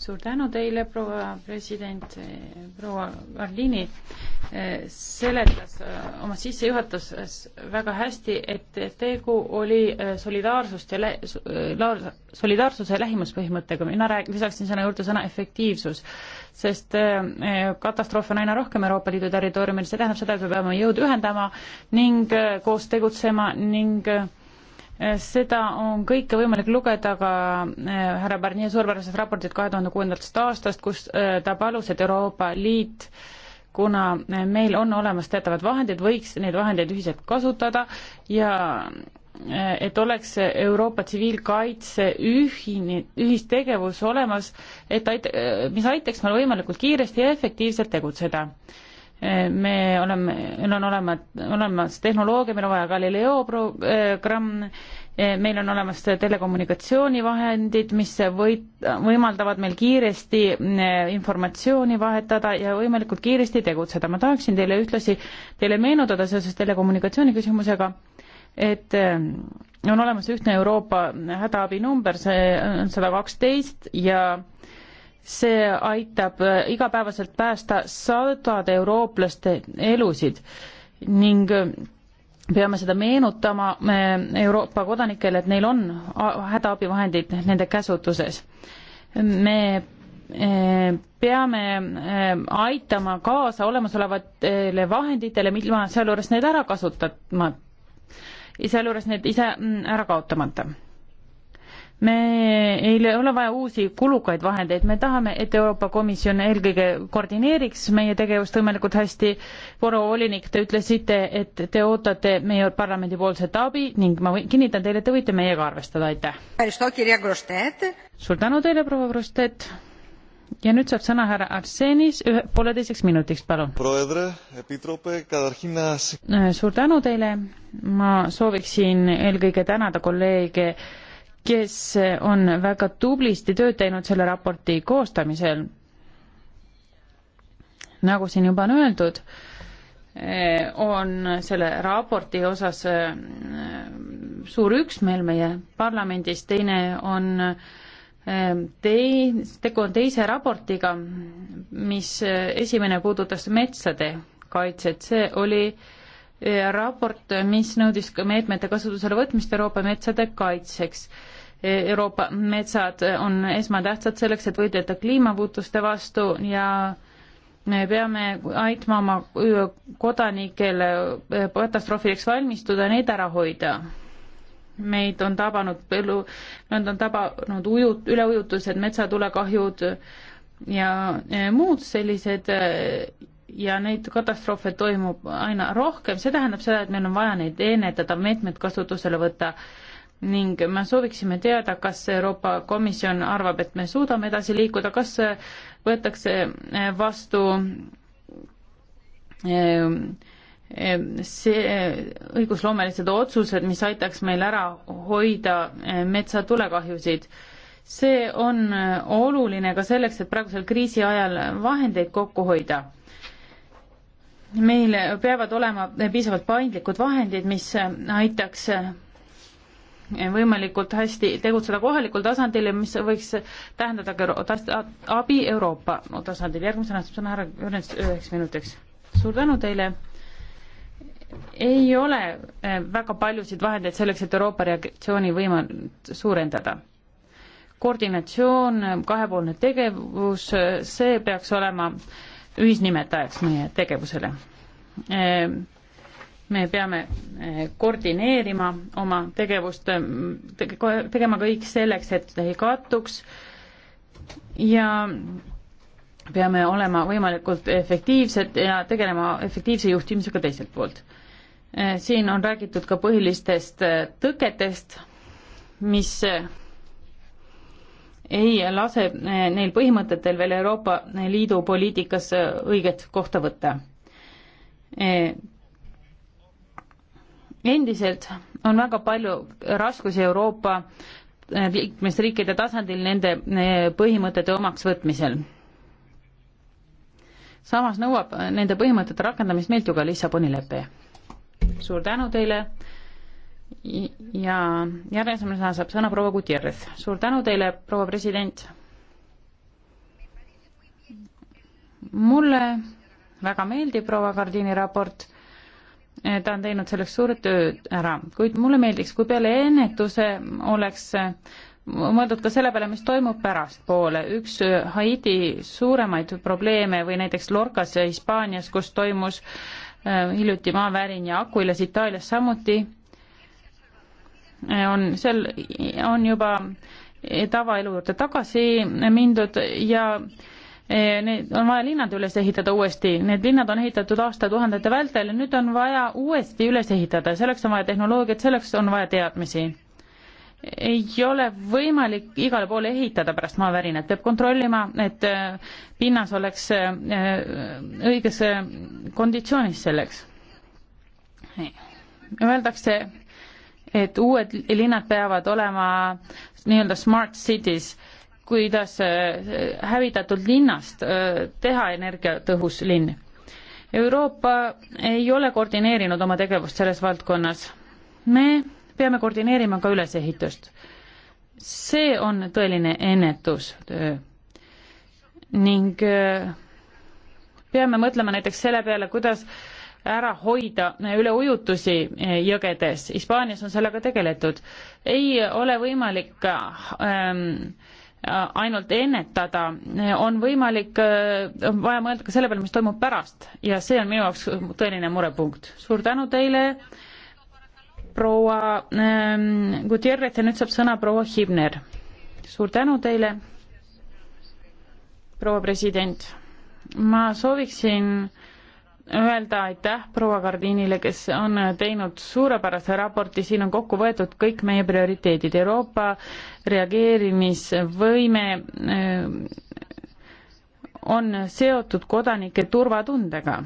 suur tänu teile, proua president, proua Arlini seletas äh, oma sissejuhatuses väga hästi, et tegu oli äh, solidaarsust ja lä-, äh, solidaarsuse lähimuspõhimõttega, mina rääg-, lisaksin sõna juurde sõna efektiivsus. sest katastroofe on aina rohkem Euroopa Liidu territooriumil, see tähendab seda, et me peame jõud ühendama ning koos tegutsema ning äh, Eh, seda on kõike võimalik lugeda ka eh, härra Barnier suurepärasest raportit kahe tuhande kuuendast aastast, kus eh, ta palus, et Euroopa Liit kuna meil on olemas teatavad vahendid, võiks neid vahendeid ühiselt kasutada ja et oleks Euroopa tsiviilkaitse ühine, ühistegevus olemas, et ait-, mis aitaks meil võimalikult kiiresti ja efektiivselt tegutseda me oleme, meil on olemas, olemas tehnoloogia, meil on vaja Galileo programm, eh, eh, meil on olemas telekommunikatsioonivahendid, mis või-, võimaldavad meil kiiresti eh, informatsiooni vahetada ja võimalikult kiiresti tegutseda. ma tahaksin teile ühtlasi, teile meenutada seoses telekommunikatsiooni küsimusega, et on olemas ühtne Euroopa hädaabinumber, see on sada kaksteist ja see aitab äh, igapäevaselt päästa sadade eurooplaste elusid ning äh, peame seda meenutama äh, Euroopa kodanikele, et neil on hädaabivahendid nende käsutuses. me peame aitama kaasa olemasolevatele vahenditele, ilma sealjuures neid ära kasutama, sealjuures need ise mm, ära kaotamata me ei ole vaja uusi kulukaid vahendeid, me tahame, et Euroopa Komisjon eelkõige koordineeriks meie tegevust võimalikult hästi. Voro volinik, te ütlesite, et te ootate meie parlamendipoolset abi ning ma kinnitan teile, et te võite meiega arvestada, aitäh. suur tänu teile, proua Krustet. ja nüüd saab sõna härra Arsenis ühe, pooleteiseks minutiks, palun. suur tänu teile, ma sooviksin eelkõige tänada kolleege kes on väga tublisti tööd teinud selle raporti koostamisel. nagu siin juba on öeldud, on selle raporti osas eh, suur üksmeel meie parlamendis, teine on eh, tei-, tegu on teise raportiga, mis eh, esimene puudutas metsade kaitset, see oli äh, Äh, raport, mis nõudis ka meetmete kasutusele võtmist Euroopa metsade kaitseks. Äh, Euroopa metsad on esmatähtsad selleks, et võidelda kliimamuutuste vastu ja me peame aitma oma äh, kodanikel katastroofideks valmistuda, neid ära hoida. meid on tabanud põllu, nad on tabanud ujut-, üleujutused, metsatulekahjud ja muud sellised ja neid katastroofe toimub aina rohkem, see tähendab seda, et meil on vaja neid ennetada, meetmed kasutusele võtta ning me sooviksime teada, kas Euroopa Komisjon arvab, et me suudame edasi liikuda, kas võetakse eh, vastu eh, see eh, õigusloomelised otsused, mis aitaks meil ära hoida metsatulekahjusid see on oluline ka selleks, et praegusel kriisi ajal vahendeid kokku hoida meil peavad olema piisavalt paindlikud vahendid, mis aitaks võimalikult hästi tegutseda kohalikul tasandil ja mis võiks tähendada ka euro abi Euroopa tasandil. järgmisena saab sõna härra Jürgens üheks minutiks. suur tänu teile. ei ole eh, väga paljusid vahendeid selleks, et Euroopa reaktsiooni võimalust suurendada. koordinatsioon, kahepoolne tegevus, see peaks olema äh, ühisnimetajaks meie tegevusele. Ehm, me peame eh, koordineerima oma tegevust, tegema kõik selleks, et ei kattuks ja peame olema võimalikult efektiivsed ja tegelema efektiivse juhtimisega teiselt poolt. Eh, siin on räägitud ka põhilistest eh, tõketest, mis ei lase eh, neil põhimõtetel veel Euroopa Liidu poliitikas eh, õiget kohta võtta. Eh, endiselt on väga palju raskusi Euroopa liikmesriikide tasandil nende põhimõtete omaksvõtmisel. samas nõuab nende põhimõtete rakendamist meilt ju ka Lissaboni lepe. suur tänu teile ja järgmisena saab sõna proua Gutierrez. suur tänu teile, proua president. mulle väga meeldib proua Gardini raport, ta on teinud selleks suurt tööd ära, kuid mulle meeldiks, kui peale ennetuse oleks mõeldud ka selle peale, mis toimub pärastpoole. üks Haiti suuremaid probleeme või näiteks Lorcas ja Hispaanias, kus toimus äh, hiljuti maavärin ja Aquilas Itaalias samuti on seal, on juba tavaelu juurde tagasi mindud ja e, need on vaja linnad üles ehitada uuesti, need linnad on ehitatud aastatuhandete vältel ja nüüd on vaja uuesti üles ehitada, selleks on vaja tehnoloogiat, selleks on vaja teadmisi. ei ole võimalik igale poole ehitada pärast maavärinat, peab kontrollima, et e, pinnas oleks e, õiges konditsioonis selleks. Öeldakse et uued linnad peavad olema nii-öelda smart cities, kuidas äh, hävitatud linnast äh, teha energiatõhus linn. Euroopa ei ole koordineerinud oma tegevust selles valdkonnas. me peame koordineerima ka ülesehitust. see on tõeline ennetustöö. ning äh, peame mõtlema näiteks selle peale, kuidas äh, ära hoida üleujutusi eh, jõgedes. Hispaanias on sellega tegeletud. ei ole võimalik ähm, ainult ennetada, on võimalik, äh, on vaja mõelda ka selle peale, mis toimub pärast ja see on minu jaoks tõeline murepunkt. suur tänu teile, proua ähm, Gutierrez ja nüüd saab sõna proua Hibner. suur tänu teile, proua president. ma sooviksin äh, öelda aitäh proua Gardiinile, kes on teinud suurepärase raporti, siin on kokku võetud kõik meie prioriteedid, Euroopa reageerimisvõime äh, on seotud kodanike turvatundega.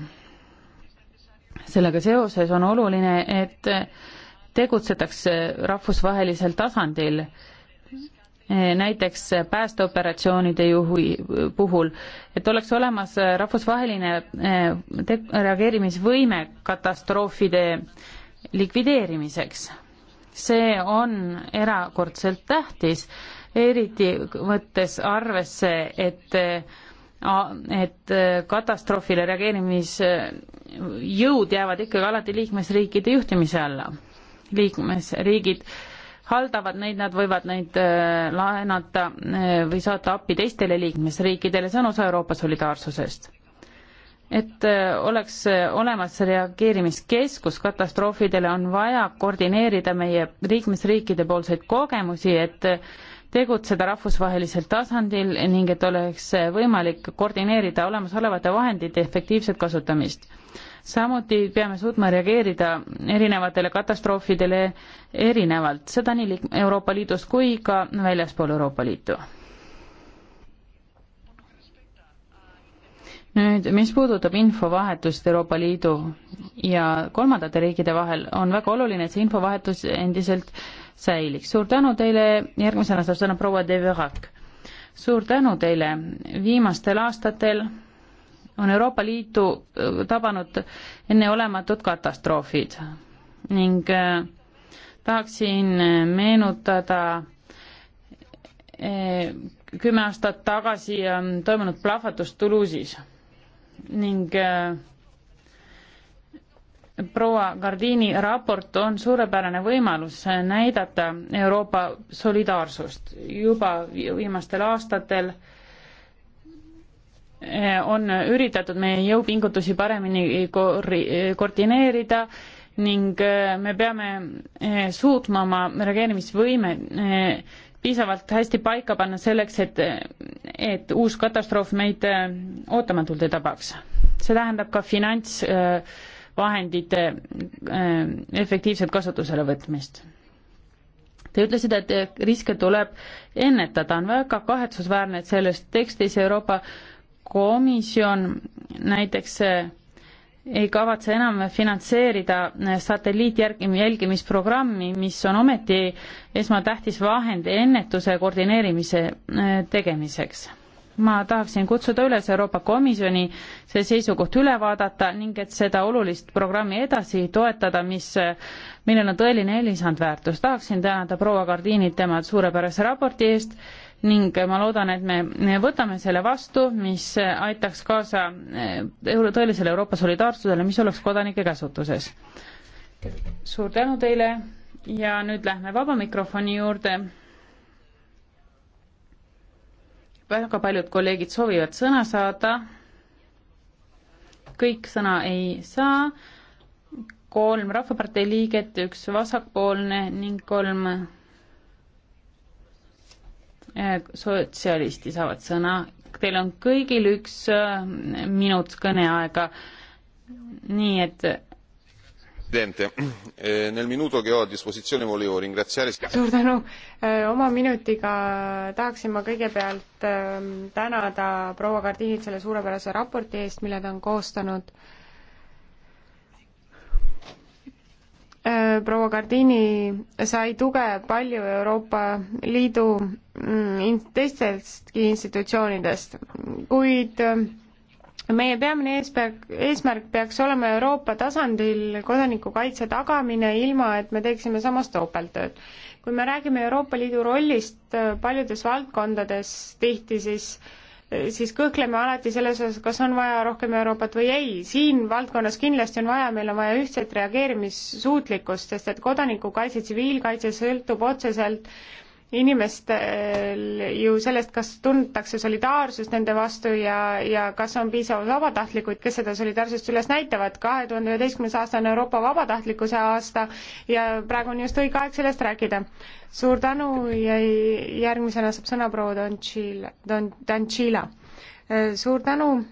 sellega seoses on oluline, et tegutsetakse rahvusvahelisel tasandil Eh, näiteks päästeoperatsioonide juhi puhul, et oleks olemas eh, rahvusvaheline eh, reageerimisvõime katastroofide likvideerimiseks. see on erakordselt tähtis, eriti võttes arvesse, et et katastroofile reageerimisjõud jäävad ikkagi alati liikmesriikide juhtimise alla. liikmesriigid äh, haldavad neid, nad võivad neid äh, laenata äh, või saata appi teistele liikmesriikidele, see on osa Euroopa solidaarsusest. et äh, oleks olemas reageerimiskeskus katastroofidele, on vaja koordineerida meie liikmesriikide poolseid kogemusi, et tegutseda rahvusvahelisel tasandil ning et oleks võimalik koordineerida olemasolevate vahendite efektiivset kasutamist samuti peame suutma reageerida erinevatele katastroofidele erinevalt, seda nii Euroopa Liidus kui ka väljaspool Euroopa Liitu. nüüd, mis puudutab infovahetust Euroopa Liidu ja kolmandate riikide vahel, on väga oluline, et see infovahetus endiselt säiliks. suur tänu teile, järgmisena saab sõna proua De Verac. suur tänu teile, viimastel aastatel on Euroopa Liitu äh, tabanud enneolematud katastroofid ning äh, tahaksin äh, meenutada kümme aastat tagasi toimunud plahvatust Toulouse'is ning proua Gardini raport on suurepärane võimalus näidata Euroopa solidaarsust juba viimastel aastatel äh, Eh, on üritatud meie jõupingutusi paremini koordineerida ning eh, me peame eh, suutma oma reageerimisvõime piisavalt hästi paika panna selleks, et, et uus katastroof meid ootamatult ei tabaks. see tähendab ka finantsvahendite efektiivset kasutusele võtmist. Te ütlesite, et riske tuleb ennetada, on väga kahetsusväärne, et selles tekstis Euroopa äh, komisjon näiteks eh, ei kavatse enam finantseerida eh, satelliitjälgimisprogrammi, mis on ometi esmatähtis vahend ennetuse koordineerimise eh, tegemiseks. ma tahaksin kutsuda üles Euroopa Komisjoni see seisukoht üle vaadata ning et seda olulist programmi edasi toetada, mis, millel on tõeline lisandväärtus. tahaksin tänada proua Gardiinit tema suurepärase raporti eest ning ma loodan, et me võtame selle vastu, mis aitaks kaasa eh, euro, tõelisele Euroopa solidaarsusele, mis oleks kodanike käsutuses. suur tänu teile ja nüüd lähme vaba mikrofoni juurde. väga paljud kolleegid soovivad sõna saada. kõik sõna ei saa kolm Rahvapartei liiget, üks vasakpoolne ning kolm Eh, sotsialisti saavad sõna. Teil on kõigil üks eh, minut kõneaega. nii et. Presidente, eh, nel minuto che ho a disposizione volevo ringraziare. suur tänu, oma minutiga tahaksin ma kõigepealt tänada proua Kardiinit selle suurepärase raporti eest, mille ta on koostanud Äh, proua Gardini sai tuge palju Euroopa Liidu mm, teistestki institutsioonidest, kuid äh, meie peamine eesmärk, eesmärk peaks olema Euroopa tasandil kodanikukaitse tagamine, ilma et me teeksime samas topelttööd. kui me räägime Euroopa Liidu rollist äh, paljudes valdkondades tihti, siis äh, siis kõhkleme alati selles osas, kas on vaja rohkem Euroopat või ei. siin valdkonnas kindlasti on vaja, meil on vaja ühtset reageerimissuutlikkust, sest et kodanikukaitse, tsiviilkaitse sõltub otseselt äh, inimestel ju sellest, kas tuntakse solidaarsust nende vastu ja, ja kas on piisavalt vabatahtlikuid, kes seda solidaarsust üles näitavad. kahe tuhande üheteistkümnes aasta on Euroopa vabatahtlikkuse aasta ja praegu on just õige aeg sellest rääkida. suur tänu ja järgmisena saab sõna proua Donchila, Don-, Danchila. suur tänu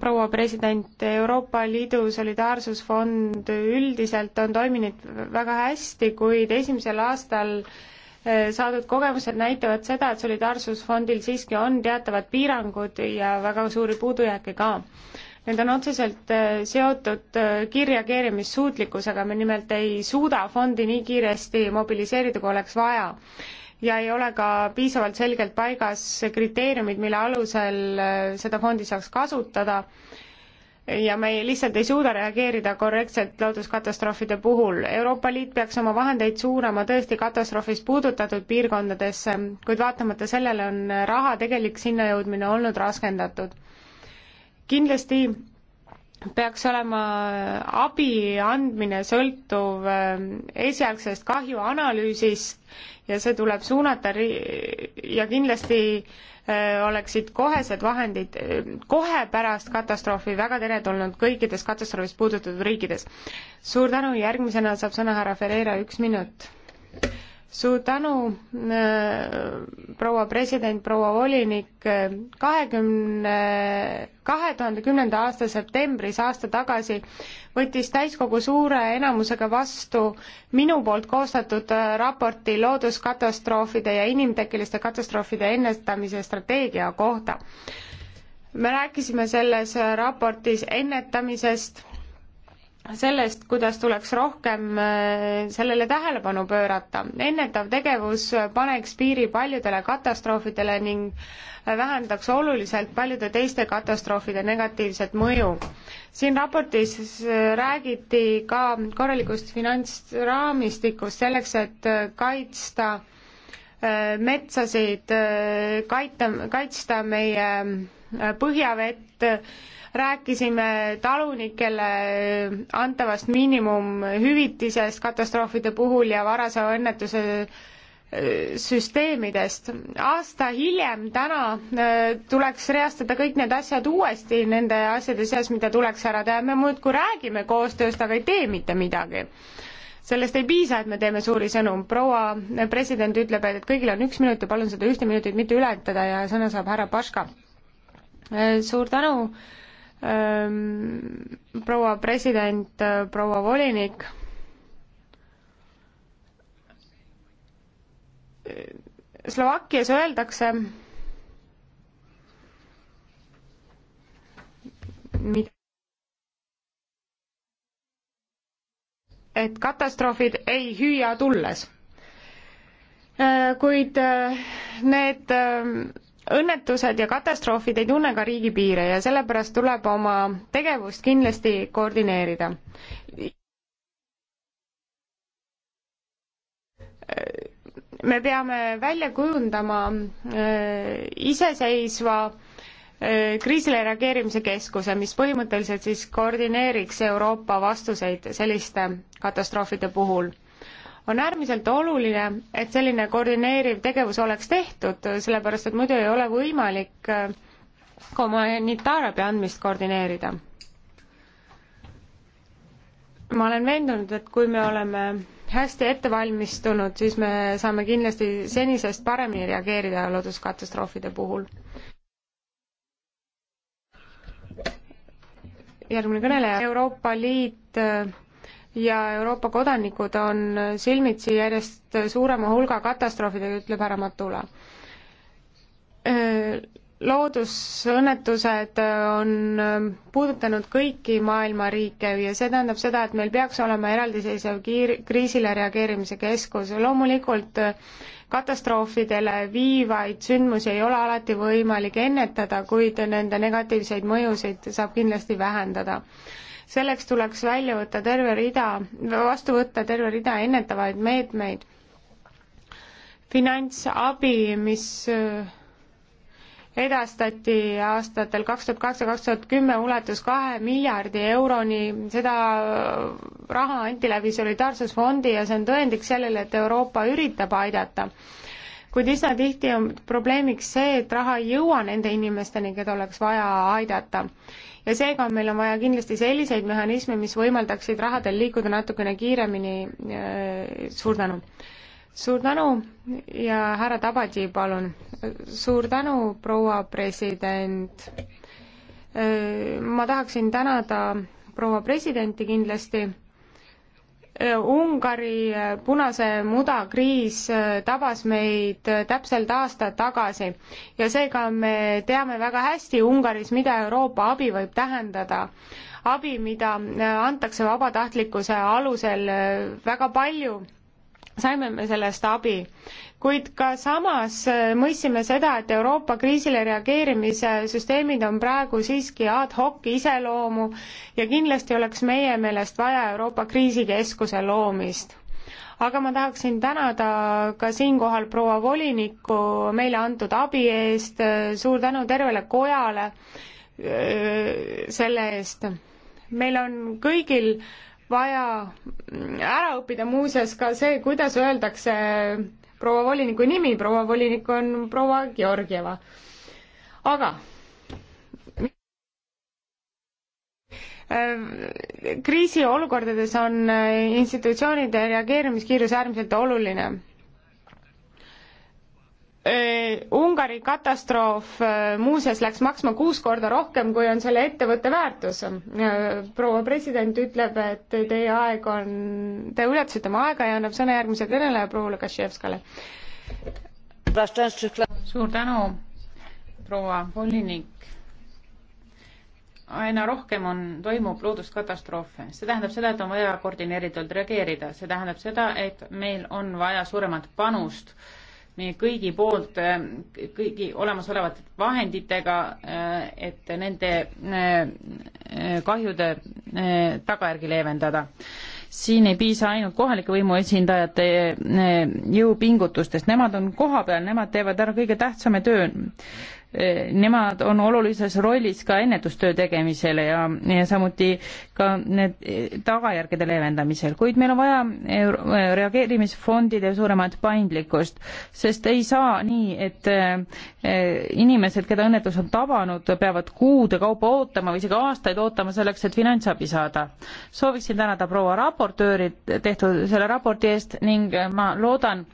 proua president, Euroopa Liidu solidaarsusfond üldiselt on toiminud väga hästi, kuid esimesel aastal äh, Eh, saadud kogemused näitavad seda, et Solidaarsusfondil siiski on teatavad piirangud ja väga suuri puudujääke ka. Need on otseselt eh, seotud eh, kiirreageerimissuutlikkusega, me nimelt ei suuda fondi nii kiiresti mobiliseerida, kui oleks vaja. ja ei ole ka piisavalt selgelt paigas kriteeriumid, mille alusel seda fondi saaks kasutada ja me ei, lihtsalt ei suuda reageerida korrektselt looduskatastroofide puhul. Euroopa Liit peaks oma vahendeid suunama tõesti katastroofist puudutatud piirkondadesse, kuid vaatamata sellele on raha tegelik sinna jõudmine olnud raskendatud. kindlasti peaks olema abi andmine sõltuv äh, esialgsest kahjuanalüüsist ja see tuleb suunata ri- ja kindlasti Äh, oleksid kohesed vahendid äh, kohe pärast katastroofi väga teretulnud kõikides katastroofist puudutatud riikides. suur tänu, järgmisena saab sõna härra Ferreira, üks minut suur tänu, äh, proua president, proua volinik, kahekümne, kahe tuhande kümnenda aasta septembris, aasta tagasi, võttis täiskogu suure enamusega vastu minu poolt koostatud äh, raporti looduskatastroofide ja inimtekkeliste katastroofide ennetamise strateegia kohta. me rääkisime selles raportis ennetamisest sellest, kuidas tuleks rohkem äh, sellele tähelepanu pöörata. ennetav tegevus paneks piiri paljudele katastroofidele ning äh, vähendaks oluliselt paljude teiste katastroofide negatiivset mõju. siin raportis äh, räägiti ka korralikust finantsraamistikust selleks, et kaitsta metsasid, kaita, kaitsta meie põhjavett rääkisime talunikele antavast miinimumhüvitisest katastroofide puhul ja varasema õnnetuse äh, süsteemidest. aasta hiljem täna äh, tuleks reastada kõik need asjad uuesti nende asjade seas, mida tuleks ära teha, me muudkui räägime koostööst, aga ei tee mitte midagi. sellest ei piisa, et me teeme suuri sõnu, proua president ütleb, et kõigil on üks minut ja palun seda ühte minutit mitte ületada ja sõna saab härra Paška. Äh, suur tänu proua president, proua volinik, Slovakkias öeldakse, mida et katastroofid ei hüüa tulles. kuid need õnnetused ja katastroofid ei tunne ka riigipiire ja sellepärast tuleb oma tegevust kindlasti koordineerida. me peame välja kujundama äh, iseseisva äh, kriisile reageerimise keskuse, mis põhimõtteliselt siis koordineeriks Euroopa vastuseid selliste katastroofide puhul on äärmiselt oluline, et selline koordineeriv tegevus oleks tehtud, sellepärast et muidu ei ole võimalik äh, humanitaarabi andmist koordineerida. ma olen veendunud, et kui me oleme hästi ette valmistunud, siis me saame kindlasti senisest paremini reageerida looduskatastroofide puhul. järgmine kõneleja, Euroopa Liit äh, ja Euroopa kodanikud on silmitsi järjest suurema hulga katastroofidega, ütleb härra Matula. Loodusõnnetused on puudutanud kõiki maailma riike ja see tähendab seda, et meil peaks olema eraldiseisev kiir-, kriisile reageerimise keskus, loomulikult katastroofidele viivaid sündmusi ei ole alati võimalik ennetada, kuid nende negatiivseid mõjusid saab kindlasti vähendada selleks tuleks välja võtta terve rida, vastu võtta terve rida ennetavaid meetmeid, finantsabi, mis edastati aastatel kaks tuhat kaheksa, kaks tuhat kümme ulatus kahe miljardi euroni, seda raha anti läbi Solidaarsusfondi ja see on tõendiks sellele, et Euroopa üritab aidata. kuid üsna tihti on probleemiks see, et raha ei jõua nende inimesteni, keda oleks vaja aidata ja seega on meil on vaja kindlasti selliseid mehhanisme, mis võimaldaksid rahadel liikuda natukene kiiremini, äh, suur tänu! suur tänu ja härra Tabadži, palun! suur tänu, proua president! Äh, ma tahaksin tänada proua presidenti kindlasti Ungari äh, punase muda kriis äh, tabas meid äh, täpselt aasta tagasi ja seega me teame väga hästi Ungaris, mida Euroopa abi võib tähendada. abi, mida antakse vabatahtlikkuse alusel väga palju saime me sellest abi. kuid ka samas äh, mõistsime seda, et Euroopa kriisile reageerimise süsteemid on praegu siiski ad hoc iseloomu ja kindlasti oleks meie meelest vaja Euroopa kriisikeskuse loomist aga ma tahaksin tänada ka siinkohal proua volinikku meile antud abi eest, suur tänu tervele kojale äh, selle eest. meil on kõigil äh, vaja ära õppida muuseas ka see, kuidas öeldakse proua voliniku nimi, proua volinik on proua Georgieva. aga äh, kriisiolukordades on institutsioonide reageerimiskiirus äärmiselt oluline Äh, Ungari katastroof äh, muuseas läks maksma kuus korda rohkem, kui on selle ettevõtte väärtus. Äh, proua president ütleb, et teie aeg on, te ületasite oma aega ja annab sõna järgmise kõneleja proua Lukaševskale. suur tänu, proua volinik. aina rohkem on, toimub looduskatastroofe, see tähendab seda, et on vaja koordineeritult reageerida, see tähendab seda, et meil on vaja suuremat panust äh, meie kõigi poolt, äh, kõigi olemasolevate vahenditega, äh, et nende äh, kahjude tagajärgi leevendada. siin ei piisa ainult kohalike võimuesindajate jõupingutustest, nemad on kohapeal, nemad teevad ära kõige tähtsama töö nemad on olulises rollis ka ennetustöö tegemisele ja, ja samuti ka need eh, tagajärgede leevendamisel, kuid meil on vaja eh, reageerimisfondide suuremat paindlikkust, sest ei saa nii, et eh, inimesed, keda õnnetus on tabanud, peavad kuude kaupa ootama või isegi aastaid ootama selleks, et finantsabi saada. sooviksin tänada proua raportööri tehtud selle raporti eest ning ma loodan,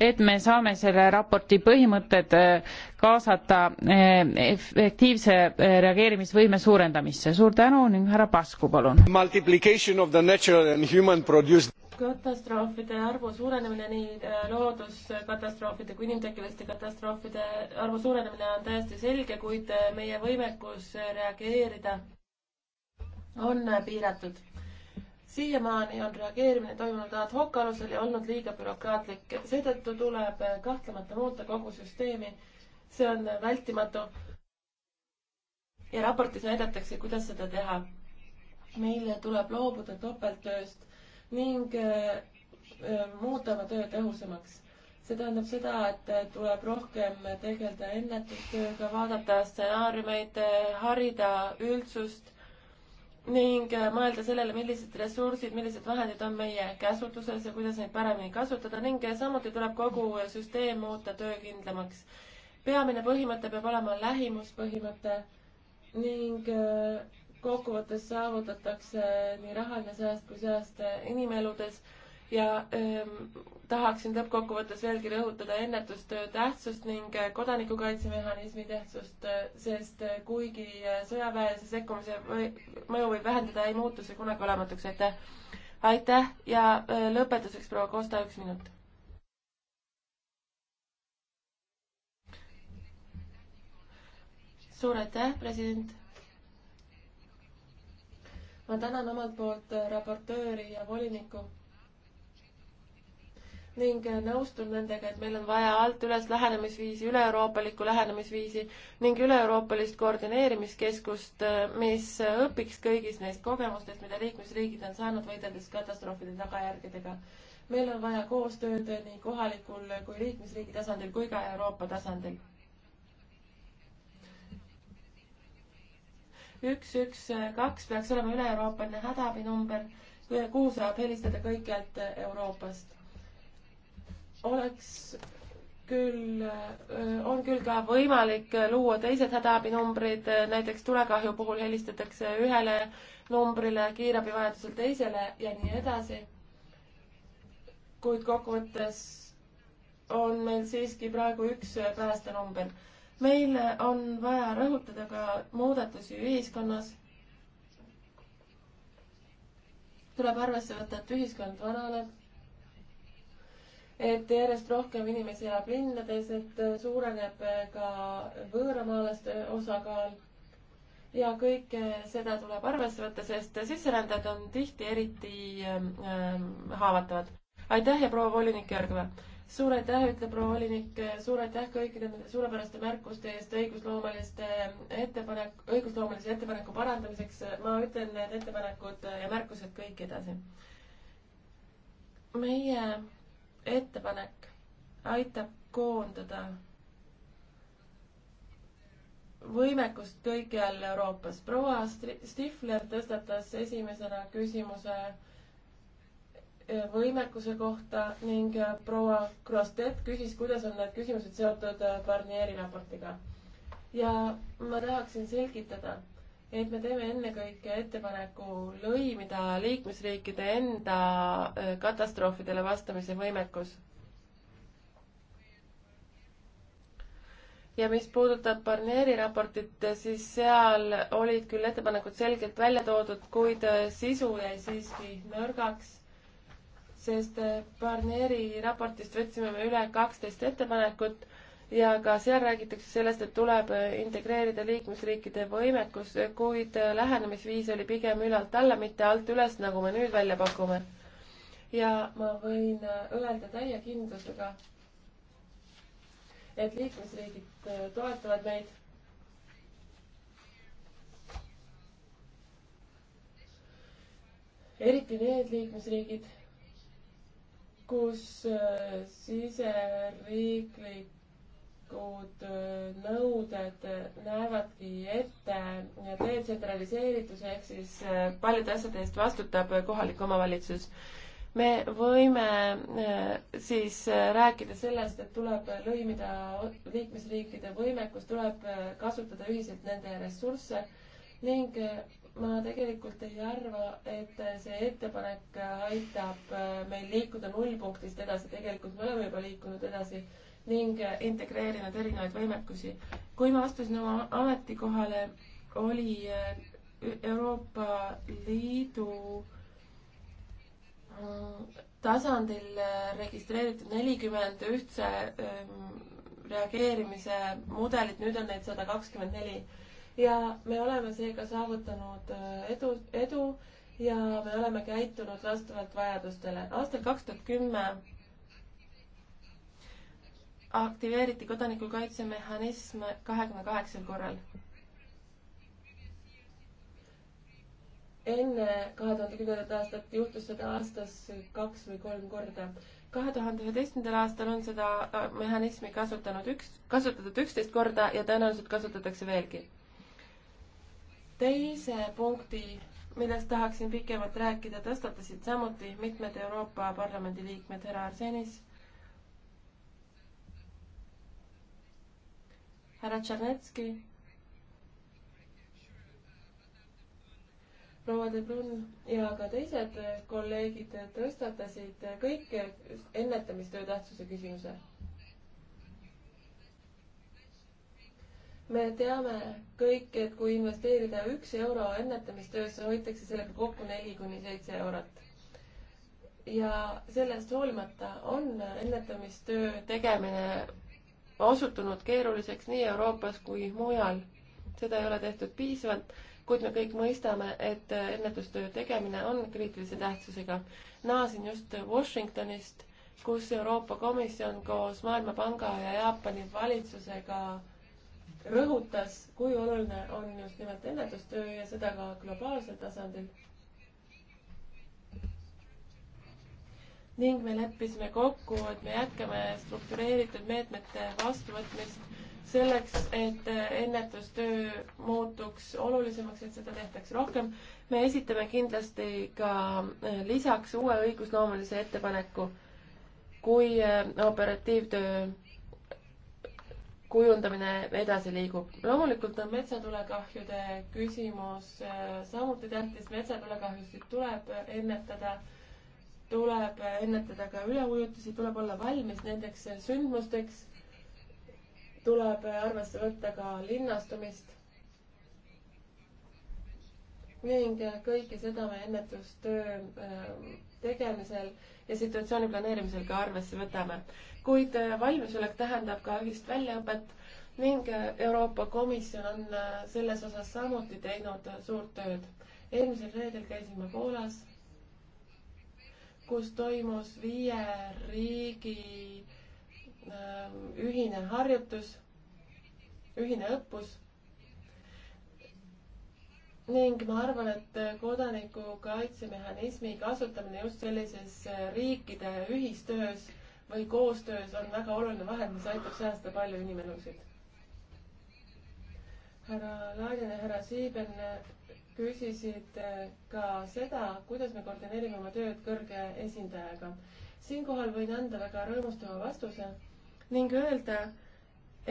et me saame selle raporti põhimõtted kaasata Eh, efektiivse eh, reageerimisvõime suurendamisse. suur tänu ning härra Pasku, palun. katastroofide arvu suurenemine, nii eh, looduskatastroofide kui inimtekkeliste katastroofide arvu suurenemine on täiesti selge, kuid meie võimekus reageerida on piiratud siiamaani on reageerimine toimunud ad hoc alusel ja olnud liiga bürokraatlik, seetõttu tuleb kahtlemata muuta kogu süsteemi see on vältimatu. ja raportis näidatakse, kuidas seda teha. meil tuleb loobuda topelttööst ning äh, äh, muuta oma töö tõhusamaks. see tähendab seda, et äh, tuleb rohkem tegeleda ennetustööga, vaadata stsenaariumeid, harida üldsust ning mõelda sellele, millised ressursid, millised vahendid on meie käsutuses ja kuidas neid paremini kasutada ning samuti tuleb kogu süsteem muuta töökindlamaks peamine põhimõte peab olema lähimuspõhimõte ning äh, kokkuvõttes saavutatakse nii rahaline sääst kui sääst äh, inimeludes ja ähm, tahaksin lõppkokkuvõttes veelgi rõhutada ennetustöö tähtsust ning äh, kodanikukaitsemehhanismi tähtsust, sest kuigi sõjaväelise sekkumise või, mõju võib vähendada, ei muutu see kunagi olematuks, aitäh. aitäh ja äh, lõpetuseks proua Kosta, üks minut suur aitäh, president. ma tänan omalt poolt raportööri ja volinikku ning nõustun nendega, et meil on vaja alt üles lähenemisviisi, üle-euroopalikku lähenemisviisi ning üle-euroopalist koordineerimiskeskust, mis õpiks kõigis neist kogemustest, mida liikmesriigid on saanud võideldes katastroofide tagajärgedega. meil on vaja koostööd nii kohalikul kui liikmesriigi tasandil kui ka Euroopa tasandil üks, üks, kaks peaks olema üle-euroopaline hädaabinumber, kuhu saab helistada kõikjalt Euroopast. oleks küll, on küll ka võimalik luua teised hädaabinumbrid, näiteks tulekahju puhul helistatakse ühele numbrile, kiirabi vajadusel teisele ja nii edasi. kuid kokkuvõttes on meil siiski praegu üks päästenumber meil on vaja rõhutada ka muudatusi ühiskonnas. tuleb arvesse võtta, et ühiskond vananeb. et järjest rohkem inimesi elab linnades, et suureneb ka võõramaalaste osakaal. ja kõike seda tuleb arvesse võtta, sest sisserändajad on tihti eriti ähm, ähm haavatavad. aitäh ja proua volinik Jörgla suur aitäh, ütleb proua volinik, suur aitäh kõikide nende suurepäraste märkuste eest õigusloomeliste ettepanek, õigusloomelise ettepaneku parandamiseks. ma ütlen need ettepanekud ja märkused kõik edasi. meie ettepanek aitab koondada võimekust kõikjal Euroopas. proua Stifler tõstatas esimesena küsimuse äh, võimekuse kohta ning äh, proua Krostet küsis, kuidas on need küsimused seotud äh, Barnieri raportiga. ja ma tahaksin selgitada, et me teeme ennekõike ettepaneku lõimida liikmesriikide enda äh, katastroofidele vastamise võimekus ja mis puudutab Barneri raportit, siis seal olid küll ettepanekud selgelt välja toodud, kuid sisu jäi siiski nõrgaks sest eh, Barnieri raportist võtsime me üle kaksteist ettepanekut ja ka seal räägitakse sellest, et tuleb eh, integreerida liikmesriikide võimekus, kuid eh, lähenemisviis oli pigem ülalt alla, mitte alt üles, nagu me nüüd välja pakume. ja ma võin öelda täie kindlusega, et liikmesriigid toetavad meid. eriti need liikmesriigid kus äh, siseriiklikud äh, nõuded äh, näevadki ette detsentraliseerituse ehk siis paljude asjade eest vastutab kohalik omavalitsus. me võime siis rääkida sellest, et tuleb lõimida liikmesriikide võimekus, tuleb kasutada ühiselt nende ressursse ning ma tegelikult ei arva, et see ettepanek aitab äh, meil liikuda nullpunktist edasi, tegelikult me oleme juba liikunud edasi ning äh, integreerinud erinevaid võimekusi. kui ma astusin oma ametikohale, oli äh, Euroopa Liidu tasandil registreeritud nelikümmend ühtse ähm, reageerimise mudelit, nüüd on neid sada kakskümmend neli ja me oleme seega saavutanud äh, edu, edu ja me oleme käitunud vastavalt vajadustele. aastal kaks tuhat kümme aktiveeriti kodanikukaitsemehhanism kahekümne kaheksal korral. enne kahe tuhande kümnendat aastat juhtus seda aastas kaks või kolm korda kahe tuhande üheteistkümnendal aastal on seda äh, mehhanismi kasutanud üks, kasutatud üksteist korda ja tõenäoliselt kasutatakse veelgi teise punkti, millest tahaksin pikemalt rääkida, tõstatasid samuti mitmed Euroopa Parlamendi liikmed, härra Arsenis, härra Tšernetski, proua De Brun ja ka teised kolleegid tõstatasid kõik ennetamistöö tähtsuse küsimuse me teame kõik, et kui investeerida üks euro ennetamistöösse, hoitakse sellega kokku neli kuni seitse eurot. ja sellest hoolimata on ennetamistöö tegemine osutunud keeruliseks nii Euroopas kui mujal. seda ei ole tehtud piisavalt, kuid me kõik mõistame, et ennetustöö tegemine on kriitilise tähtsusega. naasin just Washingtonist, kus Euroopa Komisjon koos Maailmapanga ja Jaapani valitsusega rõhutas, kui oluline on just nimelt ennetustöö ja seda ka globaalsel tasandil. ning me leppisime kokku, et me jätkame struktureeritud meetmete vastuvõtmist selleks, et ennetustöö muutuks olulisemaks, et seda tehtaks rohkem. me esitame kindlasti ka eh, lisaks uue õigusloomelise ettepaneku, kui eh, operatiivtöö kujundamine edasi liigub. loomulikult on metsatulekahjude küsimus äh, samuti tähtis, metsatulekahjusid tuleb ennetada, tuleb ennetada ka üleujutusi, tuleb olla valmis nendeks sündmusteks, tuleb arvesse võtta ka linnastumist ning kõike seda me ennetustöö äh, tegemisel ja situatsiooni planeerimisel ka arvesse võtame kuid äh, valmisolek tähendab ka ühist väljaõpet ning äh, Euroopa Komisjon on äh, selles osas samuti teinud suurt tööd. eelmisel reedel käisin ma Poolas, kus toimus viie riigi ähm, ühine harjutus, ühine õppus ning ma arvan, et kodanikukaitsemehhanismi kasutamine just sellises riikide ühistöös või koostöös on väga oluline vahend, mis aitab säästa palju inimelusid. härra Laanen ja härra Siiben küsisid eh, ka seda, kuidas me koordineerime oma tööd kõrge esindajaga. siinkohal võin anda väga rõõmustava vastuse ning öelda,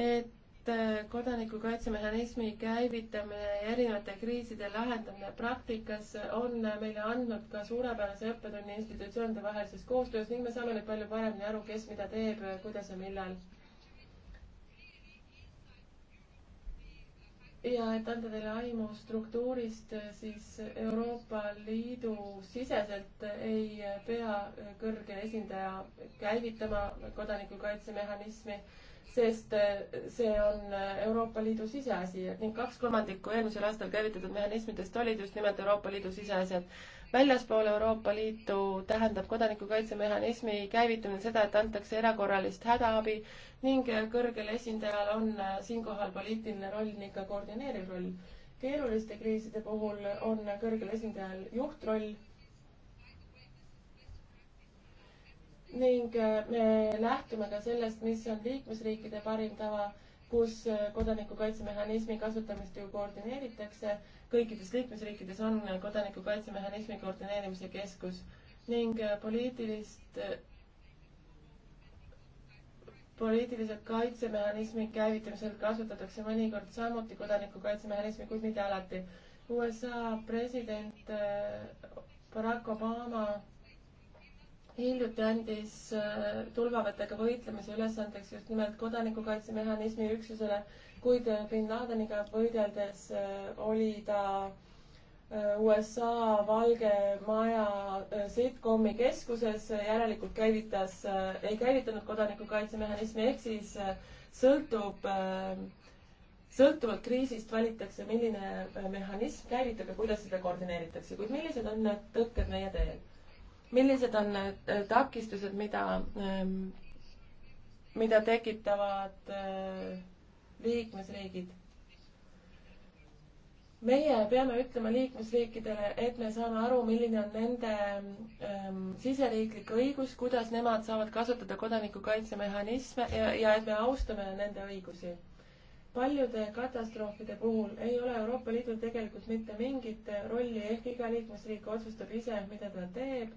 et et äh, kodanikukaitsemehhanismi käivitamine ja erinevate kriiside lahendamine praktikas on meile andnud ka suurepärase õppetunni institutsioonide vahelises koostöös ning me saame nüüd palju paremini aru, kes mida teeb, kuidas ja millal. ja et anda teile aimu struktuurist, äh, siis Euroopa Liidu siseselt ei pea kõrge esindaja käivitama kodanikukaitsemehhanismi sest eh, see on eh, Euroopa Liidu siseasi ning kaks kolmandikku eelmisel aastal käivitatud mehhanismidest olid just nimelt Euroopa Liidu siseasjad. väljaspool Euroopa Liitu tähendab kodanikukaitsemehhanismi käivitamine seda, et antakse erakorralist hädaabi ning eh, kõrgel esindajal on siinkohal poliitiline roll ning ka koordineeriv roll. keeruliste kriiside puhul on kõrgel esindajal juhtroll ning äh, me lähtume ka sellest, mis on liikmesriikide parim tava, kus äh, kodanikukaitsemehhanismi kasutamist ju koordineeritakse. kõikides liikmesriikides on kodanikukaitsemehhanismi koordineerimise keskus ning äh, poliitilist, poliitilise kaitsemehhanismi käivitamisel kasutatakse mõnikord samuti kodanikukaitsemehhanismi, kuid mitte alati. USA president Barack Obama hiljuti andis äh, tulvavõttega võitlemise ülesandeks just nimelt kodanikukaitsemehhanismi üksusele, kuid äh, bin Ladeniga võideldes äh, oli ta USA Valge Maja sitcomi keskuses, järelikult käivitas, ei käivitanud kodanikukaitsemehhanismi, ehk siis sõltub, sõltuvalt kriisist valitakse, milline mehhanism käivitab ja kuidas seda koordineeritakse, kuid millised on need tõkked meie teel millised on need äh, takistused, mida, ähm, mida tekitavad äh, liikmesriigid? meie peame ütlema liikmesriikidele, et me saame aru, milline on nende ähm, siseriiklik õigus, kuidas nemad saavad kasutada kodanikukaitsemehhanisme ja, ja et me austame nende õigusi paljude katastroofide puhul ei ole Euroopa Liidul tegelikult mitte mingit rolli, ehk iga liikmesriik otsustab ise, mida ta teeb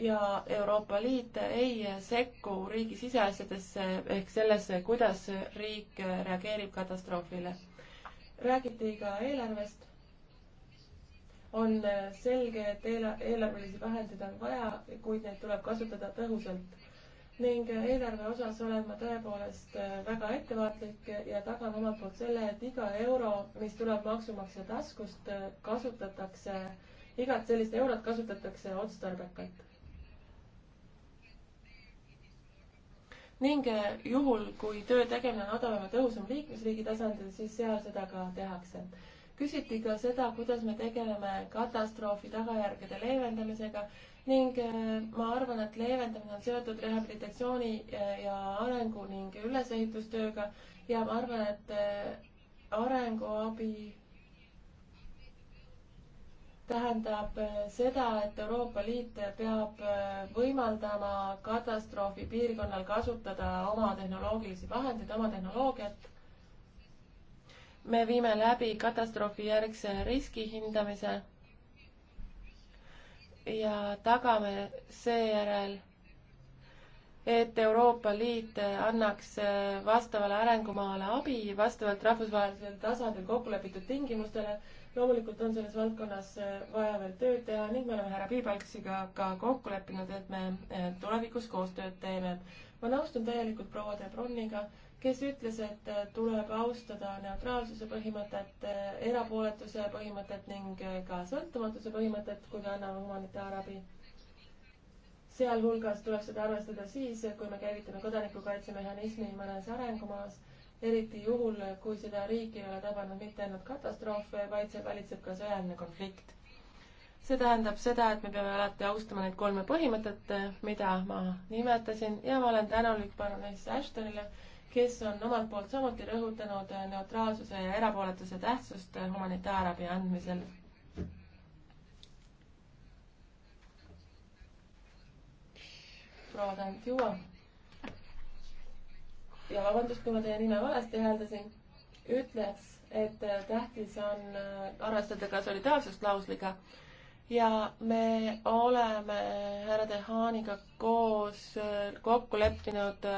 ja Euroopa Liit ei sekku riigi siseasjadesse ehk sellesse, kuidas riik reageerib katastroofile. räägiti ka eelarvest. on selge, et eela-, eelarvelisi vahendeid on vaja, kuid neid tuleb kasutada tõhusalt. ning eelarve osas olen ma tõepoolest väga ettevaatlik ja tagan omalt poolt selle, et iga euro, mis tuleb maksumaksja taskust, kasutatakse igat sellist eurot kasutatakse otstarbekalt ning eh, juhul, kui töö tegemine on odavam ja tõhusam liikmesriigi tasandil, siis seal seda ka tehakse. küsiti ka seda, kuidas me tegeleme katastroofi tagajärgede leevendamisega ning eh, ma arvan, et leevendamine on seotud rehabilitatsiooni eh, ja arengu ning ülesehitustööga ja ma arvan, et arenguabi tähendab äh, seda, et Euroopa Liit peab äh, võimaldama katastroofipiirkonnal kasutada oma tehnoloogilisi vahendeid, oma tehnoloogiat. me viime läbi katastroofijärgse riski hindamise ja tagame seejärel et Euroopa Liit annaks äh, vastavale arengumaale abi vastavalt rahvusvahelisel tasandil kokku lepitud tingimustele loomulikult on selles valdkonnas äh, vaja veel tööd teha ning me oleme härra Piibalksiga ka kokku leppinud, et me äh, tulevikus koostööd teeme. ma nõustun täielikult proua De Bruniga, kes ütles, et äh, tuleb austada neutraalsuse põhimõtet, erapooletuse põhimõtet ning ka sõltumatuse põhimõtet, kui me anname humanitaarabi sealhulgas tuleb seda arvestada siis, kui me käivitame kodanikukaitsemehhanismi mõnes arengumaas eriti juhul, kui seda riiki ei ole tabanud mitte ainult katastroof, vaid seal valitseb ka sõjaline konflikt. see tähendab seda, et me peame alati austama neid kolme põhimõtet, mida ma nimetasin ja ma olen tänulik baroness Ashtonile, kes on omalt poolt samuti rõhutanud neutraalsuse ja erapooletuse tähtsust humanitaarabi andmisel proua Tantiua ja vabandust, kui ma teie nime valesti hääldasin, ütleks, et äh, tähtis on äh, arvestada ka solidaarsusklausliga ja me oleme härra Dehaniga koos äh, kokku leppinud,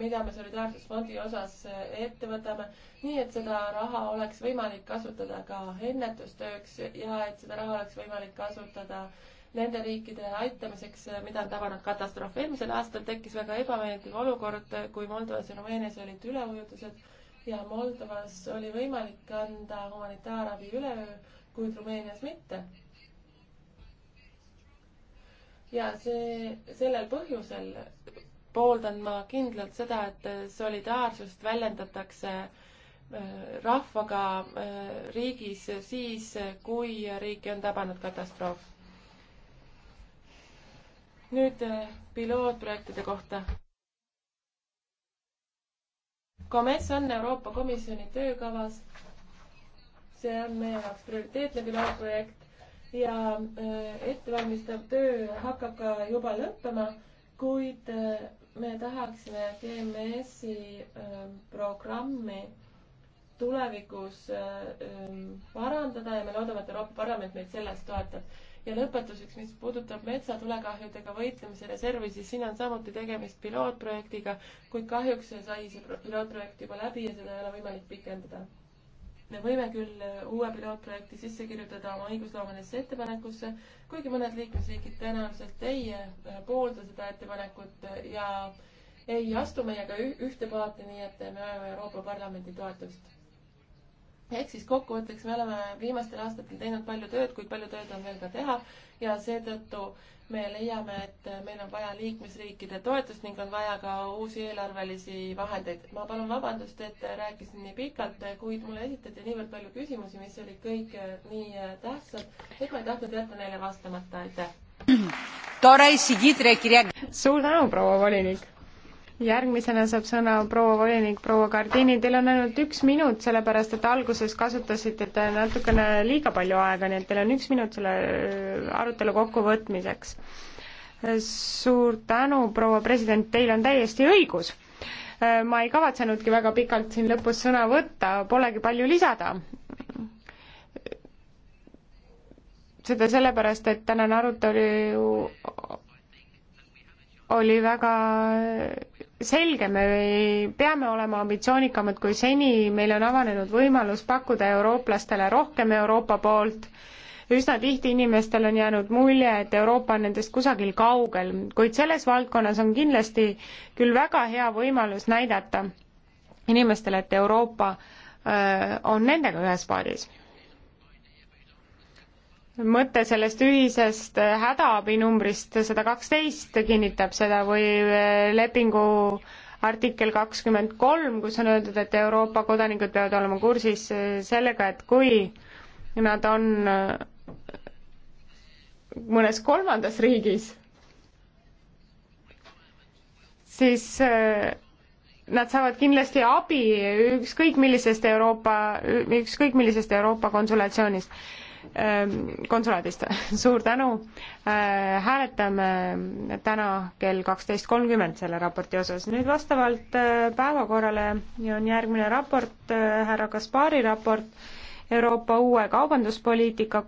mida me Solidaarsusfondi osas ette võtame, nii et seda raha oleks võimalik kasutada ka ennetustööks ja et seda raha oleks võimalik kasutada äh, nende riikide aitamiseks, eh, mida on tabanud katastroof. eelmisel aastal tekkis väga ebameeldiv olukord, eh, kui Moldovas ja Rumeenias olid üleujutused ja Moldovas oli võimalik anda humanitaarabi üleöö, kuid Rumeenias mitte. ja see, sellel põhjusel pooldan ma kindlalt seda, et eh, solidaarsust väljendatakse rahvaga riigis siis, kui riiki on tabanud katastroof nüüd äh, pilootprojektide kohta. Komets on Euroopa Komisjoni töökavas. see on meie jaoks prioriteetne pilootprojekt ja äh, ettevalmistav töö hakkab ka juba lõppema, kuid äh, me tahaksime GMS-i ähm, programmi tulevikus ähm, parandada ja me loodame, et Euroopa Parlament meid selles toetab ja lõpetuseks, mis puudutab metsatulekahjudega võitlemise reservi, siis siin on samuti tegemist pilootprojektiga, kuid kahjuks sai see pilootprojekt juba läbi ja seda ei ole võimalik pikendada me võime küll uue pilootprojekti sisse kirjutada oma õigusloomelisse ettepanekusse, kuigi mõned liikmesriigid tõenäoliselt ei äh, poolda seda ettepanekut ja ei astu meiega ühte paati, nii et me vajame Euroopa Parlamendi toetust ehk siis kokkuvõtteks me oleme viimastel aastatel teinud palju tööd, kuid palju tööd on veel ka teha ja seetõttu me leiame, et meil on vaja liikmesriikide toetust ning on vaja ka uusi eelarvelisi vahendeid. ma palun vabandust, et rääkisin nii pikalt, kuid mulle esitati niivõrd palju küsimusi, mis olid kõik nii tähtsad, et ma ei tahtnud jätta neile vastamata, aitäh. suur tänu, proua volinik järgmisena saab sõna proua volinik, proua Gardini, teil on ainult üks minut, sellepärast et alguses kasutasite te natukene liiga palju aega, nii et teil on üks minut selle äh, arutelu kokkuvõtmiseks. suur tänu, proua president, teil on täiesti õigus. Äh, ma ei kavatsenudki väga pikalt siin lõpus sõna võtta, polegi palju lisada seda sellepärast, et tänane arutelu oli väga selge, me peame olema ambitsioonikamad kui seni, meil on avanenud võimalus pakkuda eurooplastele rohkem Euroopa poolt, üsna tihti inimestel on jäänud mulje, et Euroopa on nendest kusagil kaugel, kuid selles valdkonnas on kindlasti küll väga hea võimalus näidata inimestele, et Euroopa öö, on nendega ühes paadis mõte sellest ühisest hädaabinumbrist sada kaksteist kinnitab seda või äh, lepingu artikkel kakskümmend kolm, kus on öeldud, et Euroopa kodanikud peavad olema kursis äh, sellega, et kui nad on äh, mõnes kolmandas riigis, siis nad saavad kindlasti abi ükskõik millisest Euroopa, ükskõik millisest Euroopa konsulatsioonist Ähm, konsulaadist. suur tänu, äh, hääletame täna kell kaksteist kolmkümmend selle raporti osas. nüüd vastavalt äh, päevakorrale on järgmine raport, äh, härra Kaspari raport Euroopa uue kaubanduspoliitika